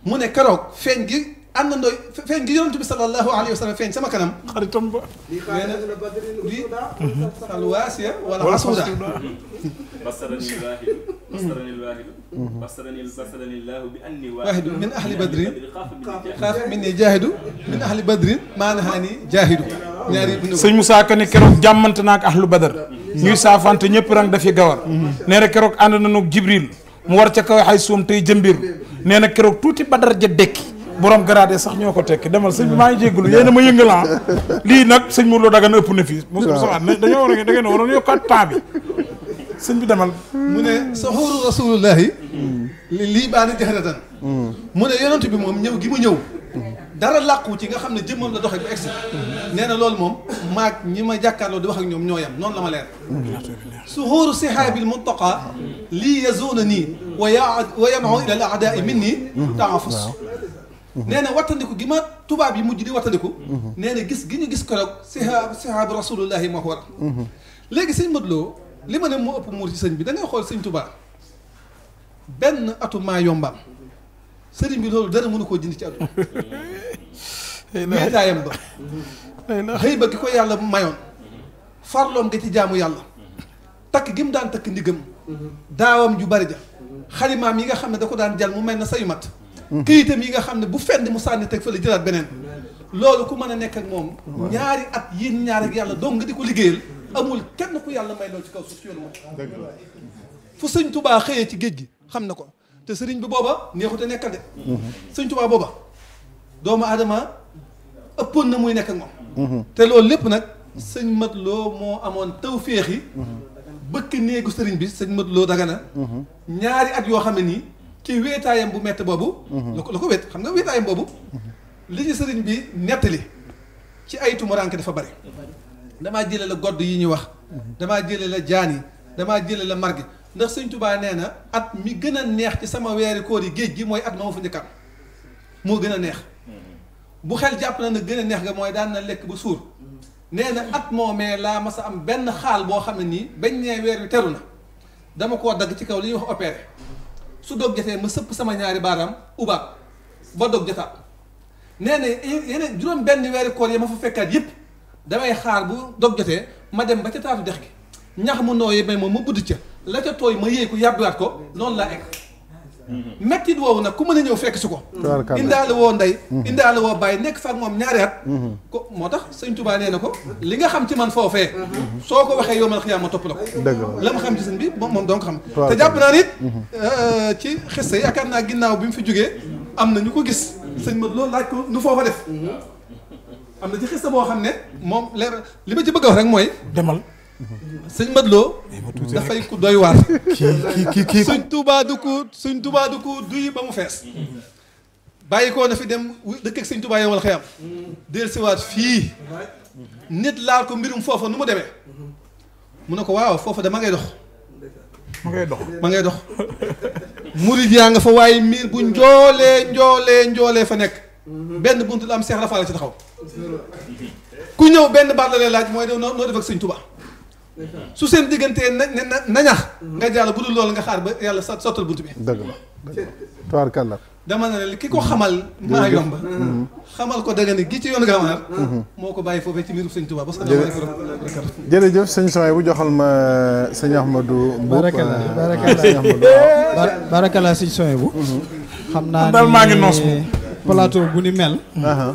mu ne keroog feeñ gi àndandoo feeñ gi yonent bi sallallahu alayhi wa sallam feeñ sama kanam. xaritam ba. lii alwaasiya wala asuuda. basarani lwaahidu. basarani lwaahidu. basarani basarani llahu bi anni waahidu min ahli badrin. xaaf minni jaahidu. min ahli badrin. maanahaani keroog badar. ñuy saafante ñëpp rang dafi gawar. nee keroog ànd nañu ak Jibril. mu war ca kaw xay suum tey jëmbir. nee na keroog tuuti badar ja dekki borom grade sax ñoko tek demal sëñ bi maa ngi jéglu yéen ma yëngal li nak sëñ Modou Lo Dagana ëpp na fii mosul saxaat ne dañu wara a da ngeen waroon yokkaat temps bi sëñ bi demal mu ne saxuuru rasulullahi lii baana jaxratan mu ne yonent bi mom ñëw gi mu ñëw dara laqku ci nga xamné jëmmal jëmmam la doxee ba egsi nee na loolu moom maag ñi ma jàkkaarloo di wax ak ñom ñoy am non la ma leer suhuuru sihaabil muntaqa lii yazuuna nii wa ya wa yamau ila al aadaai min taafus nee na wattandiku gi ma tubaab yi mujj di wattandiku nee na gis gi ñu gis keroog sihaab sihaabu rasulullahi moo ko waral léegi sëñ Modou li ma ne moo ëpp muur ci sëñ bi da xool sëñ Touba benn atu maa yombaam sëriñ bi loolu dara mënu koo jënd ci àdduna meetaayam ba xëy ba gi ko yàlla mayoon farloom nga ci jaamu yàlla takk gi mu daan takk ndigam mm-hmm. daawam ju bari ja xalimaam yi nga xam ne da ko daan jal mu mel na sayu mat كريت ميغا خامن بو فند موسى نتك فلي جيلات بنين لولو كو مانا نيك موم نياري ات يين نيار اك يالا دونغ ديكو ليغيل امول كين كو يالا ماي لو سي كاو سوسيو نو فو سيرن توبا خيي تي گيدجي خامن كو تي سيرن بي بوبا نيهو تا نيكال دي سيرن توبا بوبا دوما ادما اپون نموي نيك موم تي لول ليپ نك سيرن متلو مو امون توفيخي بك نيغو سيرن بي سيرن متلو داغنا نياري ات يو خامن ني ci wéetaayam bu métti boobu la ko la ko wéet xam nga wéetaayam boobu li ñu sëriñ bi nettali ci ay tumuraanke dafa bari damaa jële la godd yi ñuy wax damaa jële la jaan yi damaa jële la margi ndax sëñ tubaa nee na at mi gën a neex ci sama weeri koor yi géej gi mooy at ma ma fa njëkk am moo gën a neex bu xel jàpp na na gën a neex nga mooy daan na lekk bu suur nee na at moomee laa mas a am benn xaal boo xam ne nii bañ nee weer wi teru na dama koo dagg ci kaw li ñuy wax opéré su doog jotee ma sëpp sama ñaari baaraam ubaab ba doog jotaat nee na yeneen juróom benn weeri koor yi ma fa fekkaat yëpp damay xaar bu doog jotee ma dem ba ca taatu dex gi ñax mu nooyee may moom ma budd ca la ca tooy ma yéey ko yàbbiwaat ko noonu laa egg mettit woowu nag ku mën a ñëw fekk si ko indaale woo ndey mhm. indaale woo bàyyi nekk fa ak moom ñaari at mhm. ko moo tax sëñ Tuubaa nee na ko li nga xam ci man foofee mhm. soo ko waxee yow man xiyaam ma topp la ko la ma xam ci sëñ bi moom moom xam te jàpp naa nit euh, ci xiste yaakaar naa ginnaaw bi mu fi jógee am na ñu ko gis sëñ ma loolu laaj ko nu foofa def am na ci xiste boo xam ne moom leer li ma ci bëgg a wax rek mooy demal sëñ Madlo. dafay ku doy waar. kii kii suñ Touba du ko suñ Touba du ko duy ba mu fees. bàyyi na fi dem que ak sëñ Touba yow wala xëyam. dellusiwaat fii. nit laal ko mbirum foofa nu mu demee. mu ne ko waaw foofa dama ngay dox. ma ngay dox ma ngay dox. murid yaa nga fa waaye miir bu njoolee njoolee njoolee fa nekk. benn buntu la am seex rafaale ci taxaw. ku ñëw benn baat la lay laaj mooy noo noo def ak sëñ Touba. su seen diggantee na na ñax nga jàll bu dul loolu nga xaar ba yàlla sa sottal buntu bi dëgg la dëgg la tubaarkàlla dama ki ko xamal maa yomba mm-hmm. xamal ko dëgg ne gi ci yoonu gamaar mm-hmm. moo ko bàyyi foofee ci mbirum sëñ Tuubaa parce que jërëjëf sëñ Soy bu ma euh, sëñ Ahmadou Mbuub euh, bu mm-hmm. xam naa ne daal maa ngi noos plateau bu ni mel uh-huh.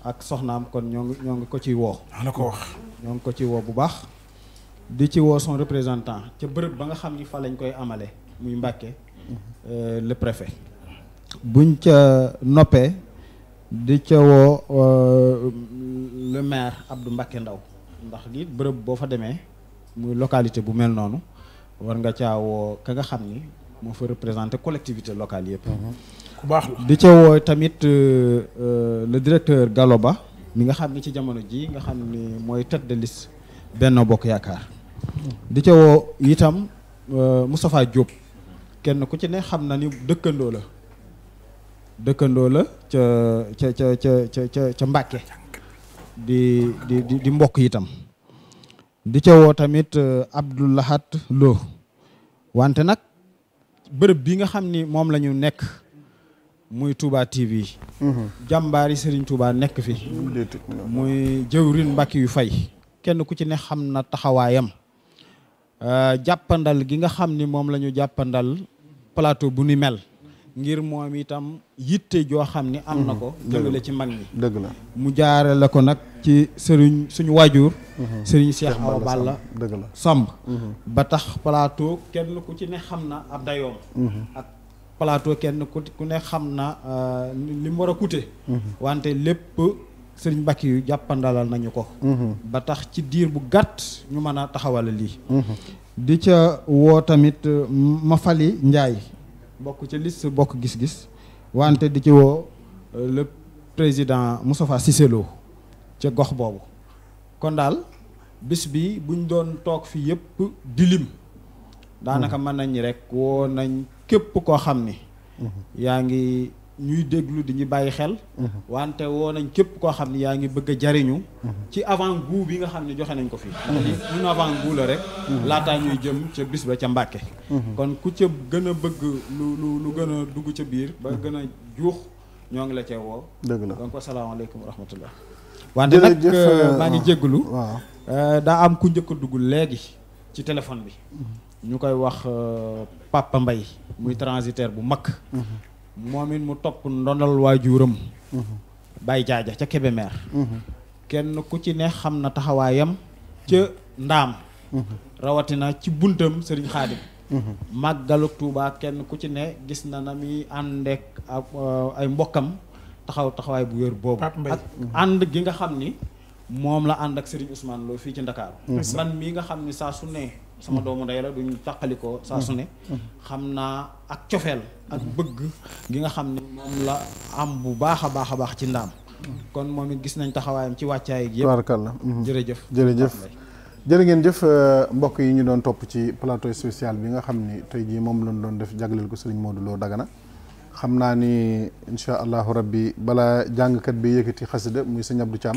ak soxnaam kon ñoo ngi ñoo ngi ko ciy woo. la ko wax ñoo ngi ko ciy woo bu baax. di ci woo son représentant ca bërëb ba nga xam ni fa lañ koy amale muy Mbàkke euh, le préfet buñ ca noppee di ca woo euh, le maire Abdou Mbàkke Ndaw ndax nit bërëb boo fa demee muy localité bu mel noonu war nga caa woo ka nga xam ni moo fa représenté collectivité locale yëpp mhm. ku di ca woo tamit euh, euh, le directeur Galoba mi nga xam ni ci jamono ji nga xam ni mooy tête de liste Benno Bokk Yaakaar di ca woo itam euh, Moustapha Diop kenn ku ci ne xam na ni dëkkandoo la dëkkandoo la ca ca ca ca ca ca ca Mbàkke di di mbokk yitam di ca woo tamit Abdoulahat Lo wante nag bërëb bi nga xam ni moom la ñu nekk muy Touba TV. Mhm. jàmbaari Serigne Touba nekk fi. muy jëwrin Mbàkke yu fay. kenn ku ci ne xam na taxawaayam. Euh, jàppandal gi nga xam ni moom lañu jàppandal palaato bu ni mel. ngir moom itam yitte joo xam ni. am na ko mhm. jëmale ci mag ñi. dëgg la mu jaare la ko nag ci sëriñ suñu waajur. Mhm. sëriñ Cheikh Awa Balla dëgg la Samb. ba tax plateau kenn ku ci ne xam na ab dayoom. plateau kenn ku ne xam na euh, li mu war a coûter mm-hmm. wante lépp sëriñ Mbàkke yu jàppandalal nañu ko mm-hmm. ba tax ci diir bu gàtt ñu mën a taxawal lii mm-hmm. di ca woo tamit euh, Mafali Njaay bokk ci liste bokk gis-gis wante di ci woo euh, le président Moustapha Cissé ca gox boobu kon daal bis bi buñ doon toog fi yëpp di daanaka mën nañ rek woo nañ képp koo xam ni mhm. yaa ngi ñuy déglu di ñu bàyyi xel mhm. wante woo nañ képp koo xam ne yaa ngi bëgg jariñu mhm. ci avant goût bi nga xam ne joxe nañ ko fii ñun avant goût la rek laataa ñuy jëm ca bis ba ca Mbàkke kon ku ca gën a bëgg lu lu gën a dugg ca biir ba gën a juux ñoo ngi la cee woo dëgg la donc asalaamaaleykum wa wante nag euh, maa ngi jégglu euh, daa am ku njëkk a dugg léegi ci téléphone bi ñu koy wax euh, Papa Mbaye muy transitaire bu mag mm-hmm. moom mu topp ndondal waajuram mm-hmm. Baye Jaaja ca Kébémer mm-hmm. kenn ku ci ne xam na taxawaayam ca ndaam rawatina ci buntam sëriñ Xaadim màggalu Tuubaa kenn ku ci ne gis na na muy àndeek euh, ay mbokkam taxaw taxawaay bu wér boobu ak ànd gi nga xam ni moom la ànd ak sëriñ Ousmane Lo fii ci Ndakaaru man mii nga xam ni saa su ne sama doomu ndey la duñu tàqalikoo saa su ne mm-hmm. ak tiofel ak mm-hmm. bëgg gi nga xamni mom la am bu baaxa baaxa baax ci ndam mm-hmm. kon momi gis nañ taxawayam ci wàccaay gi yëpp tabarakallah jërëjëf jërëjëf jërë ngeen jëf euh, mbokk yi ñu doon top ci plateau spécial bi nga xamni tay ji mom lañ doon def jagleel ko serigne Modou Lo Dagana xamna ni insha allah rabbi bala jang kat bi yëkëti xasida muy serigne Abdou cham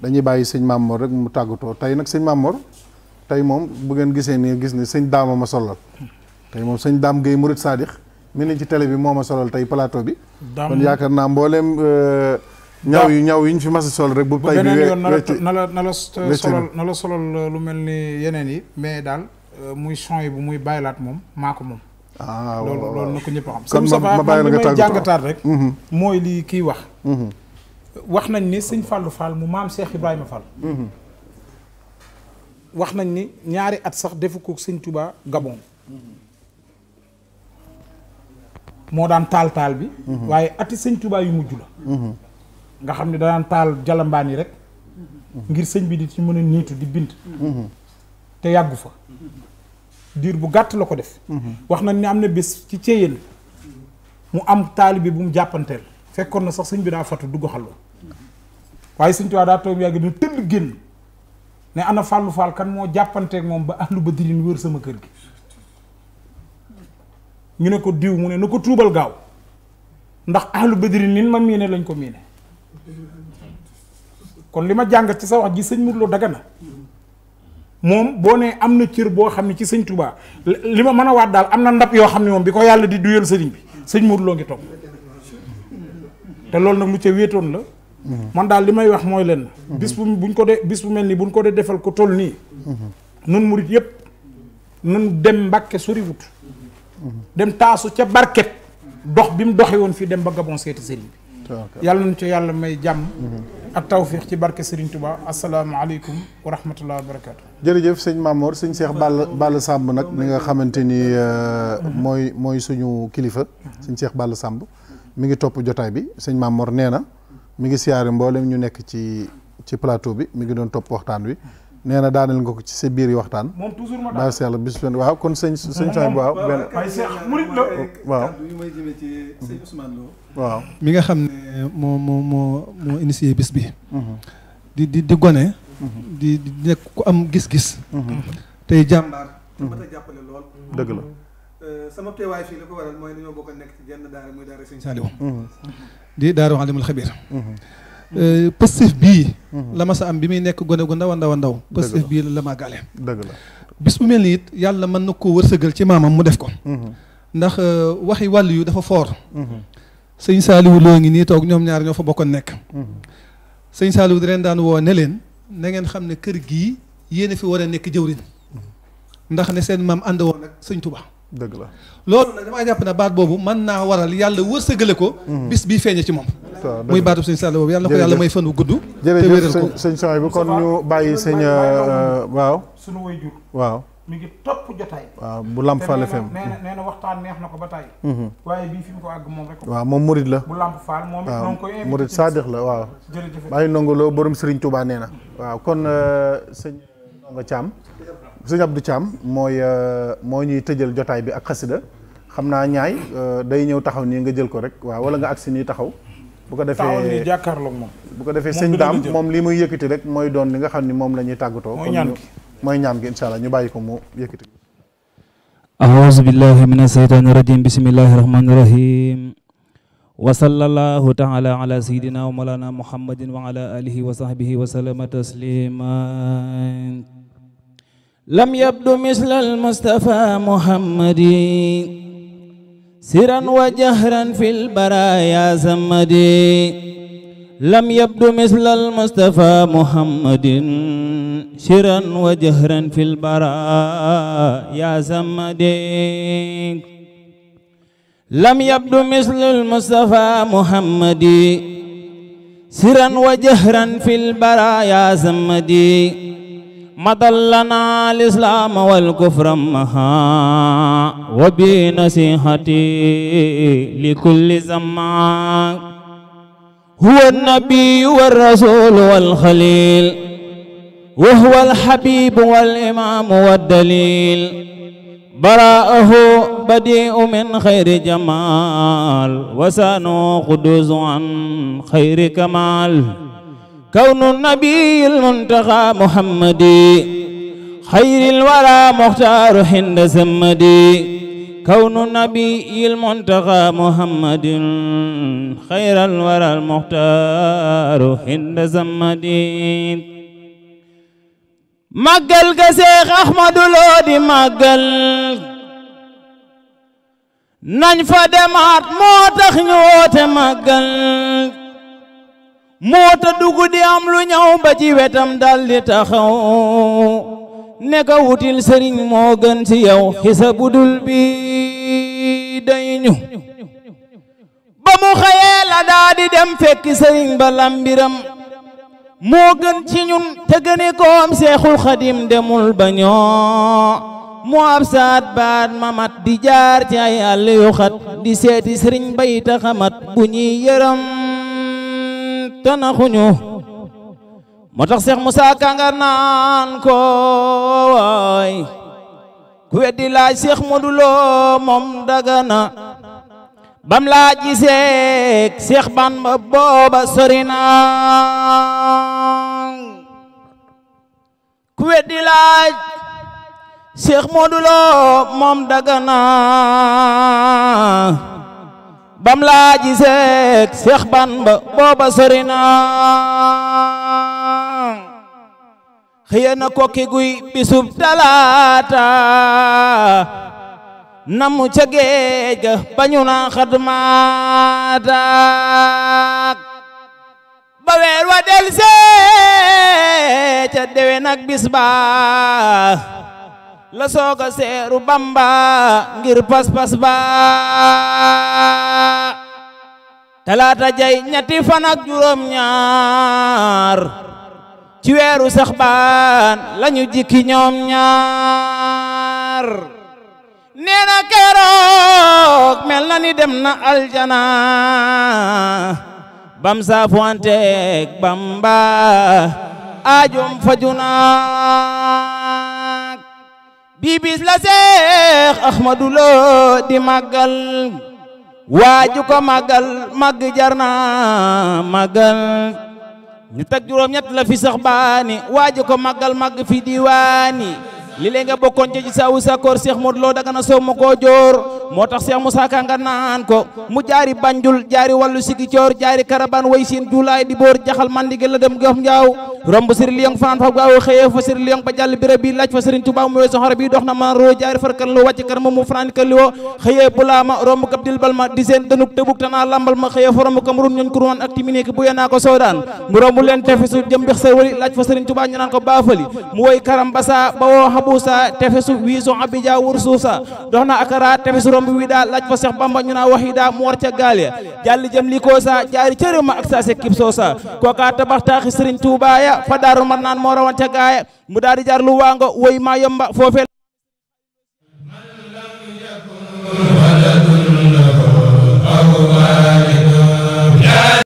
dañuy bayyi serigne mamour rek mu tagoto tay nak serigne mamour tey moom bu ngeen gisee nii gis ne sëñ daama ma solal tey moom sëñ daam Guèye Murit Sadix mel ne ci télé bi moom ma solal tey plateau bi. kon yaakaar naa mbooleem euh, ñaw yu ñaw yi ñu fi mas a sol rek. bu tey bi wecc na la na la solal na la solal euh, lu mel ni yeneen yi mais daal euh, muy son yi bu muy bàyyilaat moom maa ko moom. ah waaw loolu na ko ñëpp xam. kon ma ma bàyyi la nga tàggatoo jàngataat rek. Mm-hmm. mooy lii kii wax. Mm-hmm. wax nañ ni sëñ Fallou Fall mu maam Cheikh ma Fall. Mm-hmm. wax nañ ni ñaari at sax defu ko sëñ Touba Gabon moo daan taal taal bi mhm. waaye ati sëñ Touba yu mujj la mhm. nga xam ne danaan taal jalambaan yi rek ngir sëñ bi di ci mën a niitu di bind mhm. te yàggu fa diir bu gàtt la ko def wax nañ ni am na bés ci céyeen mu am bi bu mu jàppanteel fekkoon na sax sëñ bi daa fatu dugg xalwa waaye sëñ Touba daa toog yàgg na tëll génn ne ana fallu faal kan jappante ak mom ba ahlu badrin weur sama keur gi ñu ne ko diw mu ne nako tuubal gaaw ndax ahlu badrin lin ma miine lañ ko miine kon lima ma ci sa wax gi seigne Mourlo Dagana mom bo ne am ciir bo xamni ci seigne Touba lima ma wat dal amna am na ndab yo xam ne di duyel seigne bi seigne Mourlo ngi top te lol nak mu ci weton la man dal limay wax moy len mhm. bis bu buñ ko de bis bu melni buñ ko de defal ko tol nii mhm. nun murid yep nun dem mbàkke wut mhm. dem tasu ca barket dox bim doxé won fi dem ba Gabon séti sëriñ bi yalla nu fi yalla may jam ak tawfiq ci barke Serigne Touba alaykum wa rahmatullahi wa barakaatu. jërëjëf sëñ Mamor sëñ Cheikh balle Balla Samb nak mi nga xamanteni ni moy euh, suñu kilifa. sëñ Cheikh Balla Samb mi ngi top jotay bi sëñ Mamor nena mi ngi siyaare mboolem ñu nekk ci ci plateau bi mi ngi doon top waxtaan wi nee daanel nga ko ci sa biir waxtaan. moom toujours ma daal seetla bis ben waaw kon señ sëñ Sañ waaw ben ay cheikh murit lo waaw. yu may jëme ci señ Ousmane Lo. waaw mi nga xam mo mo mo mo initier bis bi. Mhm. di di di goné mhm. di di nekk ku am gis-gis. Mhm. tay jambar te ta jappalé lool. deug la. Euh, sama teewaay fii li ko waral moy dañu bokk nekk ci jenn daara muy daara señ Saliou. di daru alimul xabir Pastef bi la ma am bi muy nekk gone gu ndaw a ndaw ndaw Pastef bii la màggaale dëgg la bis bu mel ni it yàlla mën na koo wërsëgal ci maamam mu def ko ndax waxi wàllu yu dafa foor sëñ Saaliwu loo ngi nii toog ñoom ñaar ñoo fa bokkoon nekk sëñ Saaliwu di leen daan woo ne leen na ngeen xam kër gii yéen fi wara nek nekk jëwriñ ndax ne seen mam ànd woon ak seigne touba dëgg la loolu damaa jàpp ne baat boobu man naa waral yàlla wërsëgale ko. bis bii feeñe ci moom. muy baatu sëñ Sall boobu yàlla na ko yàlla gudd. te wéral ko kon ñu bàyyi sëñ. Euh, waaw sunu way jur. bu Lamp Fall FM. na nee na waxtaan neex na ko ba tey. Mhm. waaye moom rek. la. bu Lamp Fall moom it noo koy. waaw Murid Saadix la waaw. bàyyi nongaloo borom Serigne Touba nee na. waaw kon euh, sëñ Ndonga Thiam. sëñ Abdou Cham moy euh, moo ñuy tëjal jotay bi ak khassida xamna ñaay euh, day ñew taxaw ni nga jël ko rek wa wala nga aksi ni taxaw bu ko defé taxaw ni jakarlo mom bu ko defé sëñ Dam mom li muy yëkëti rek moy doon li nga xamni mom lañuy la moy tàggatoo ñaan gi incha allah ñu bàyyi ko mu yëkkati أعوذ بالله من الشيطان الرجيم بسم الله الرحمن الرحيم وصلى الله تعالى على سيدنا ومولانا محمد وعلى آله وصحبه وسلم تسليما لم يبدو مثل المصطفى محمد سرا وجهرا في البرايا زمدي لم يبدو مثل المصطفى محمد سرا وجهرا في البرايا زمدي لم يبدو مثل المصطفى محمد سرا وجهرا في البرايا زمدي مدلنا الإسلام والكفر مها وبنصيحتي لكل زمان هو النبي والرسول والخليل وهو الحبيب والإمام والدليل براءه بديء من خير جمال وسانه قدوس عن خير كمال كون النبي المنتقى محمدي خير الورى مختار هند سمدي كون النبي المنتقى محمد خير الورى المختار هند سمدي مجل كسيخ أحمد الودي مجل nañ دمات موتخ نوت مقل moo ta dugg di am lu ñaw ba ci wetam daldi taxaw ne ka wutil sëriñ moo gën ci yow xisa budul bi day ba mu xëyee la daa dem fekki sëriñ ba lambiram moo gën ci ñun te gëne koom seexul xadim demul ba ñoo mu ab saat baat mamat di jaar ci ay àll xat di seeti sëriñ bay taxamat bu ñuy yërëm te naxuñu moo tax Cheikh Moussa Ka nga naan ko ku weddi laaj Cheikh Modou Lo moom dagana bam laa gisee Cheikh Bamba booba sori na ku weddi laaj Cheikh Modou Lo moom dagana bam laa gisee Seex Bamba booba sori na xëye na kokki guy bisub talaata namu ca géej ga bañu na xadmaata ba weer wa del see ca dewe nag bis ba la soga seru bamba ngir pas-pas ba talaata jay ñati fan ak juróom ñaar ci weeru saxbaan lañu jikki ñoom ñaar neena dem aljana bam saafuwanteeg bamba ajum fajuna biibis la ahmadullah Lo di magal waju ko magal mag jarna magal ñu teg juroom ñet la fi sax bani waju ko magal mag fi diwani li lee nga bokon ci saawu kor Cheikh Modou Lo Dagana soo ma koo jor motax Cheikh Moussa Ka nga nan ko mu jaari Banjul jaari walu sigi cior jaari karaban way siin di bor jaxal mandige la dem gox ndaw romb sir liang fan fa gaaw xëyee fa sir liang ba jall bi rabbi laaj fa serigne touba mu weso xara bi doxna man ro jaari farkan lo wacc kar ma mu fran kër kan lo woo xëyee bulaama romb kabdil balma di seen denuk tebuk tana lambal ma xëyee fa romb kam run ñoñ kurman ak timineeki bu yana ko sodan mu romb leen tefesu bi sa wali laaj fa serigne touba ñaan ko baafali mu way karam basa ba wo buusa tefesu wiiso abidja wursuusa dox na akara tefesu romb wiida laaj fa Seex Bamba ñu naa waxiida mu war ca gaal ya jalli jëm likoosa cere ma ak sa se kibsoosa kooka tabax taaxi Sëriñ Tuubaa ya fa daaru man naan moo rawan ca gaaya mu daal di waango woy yomba foofe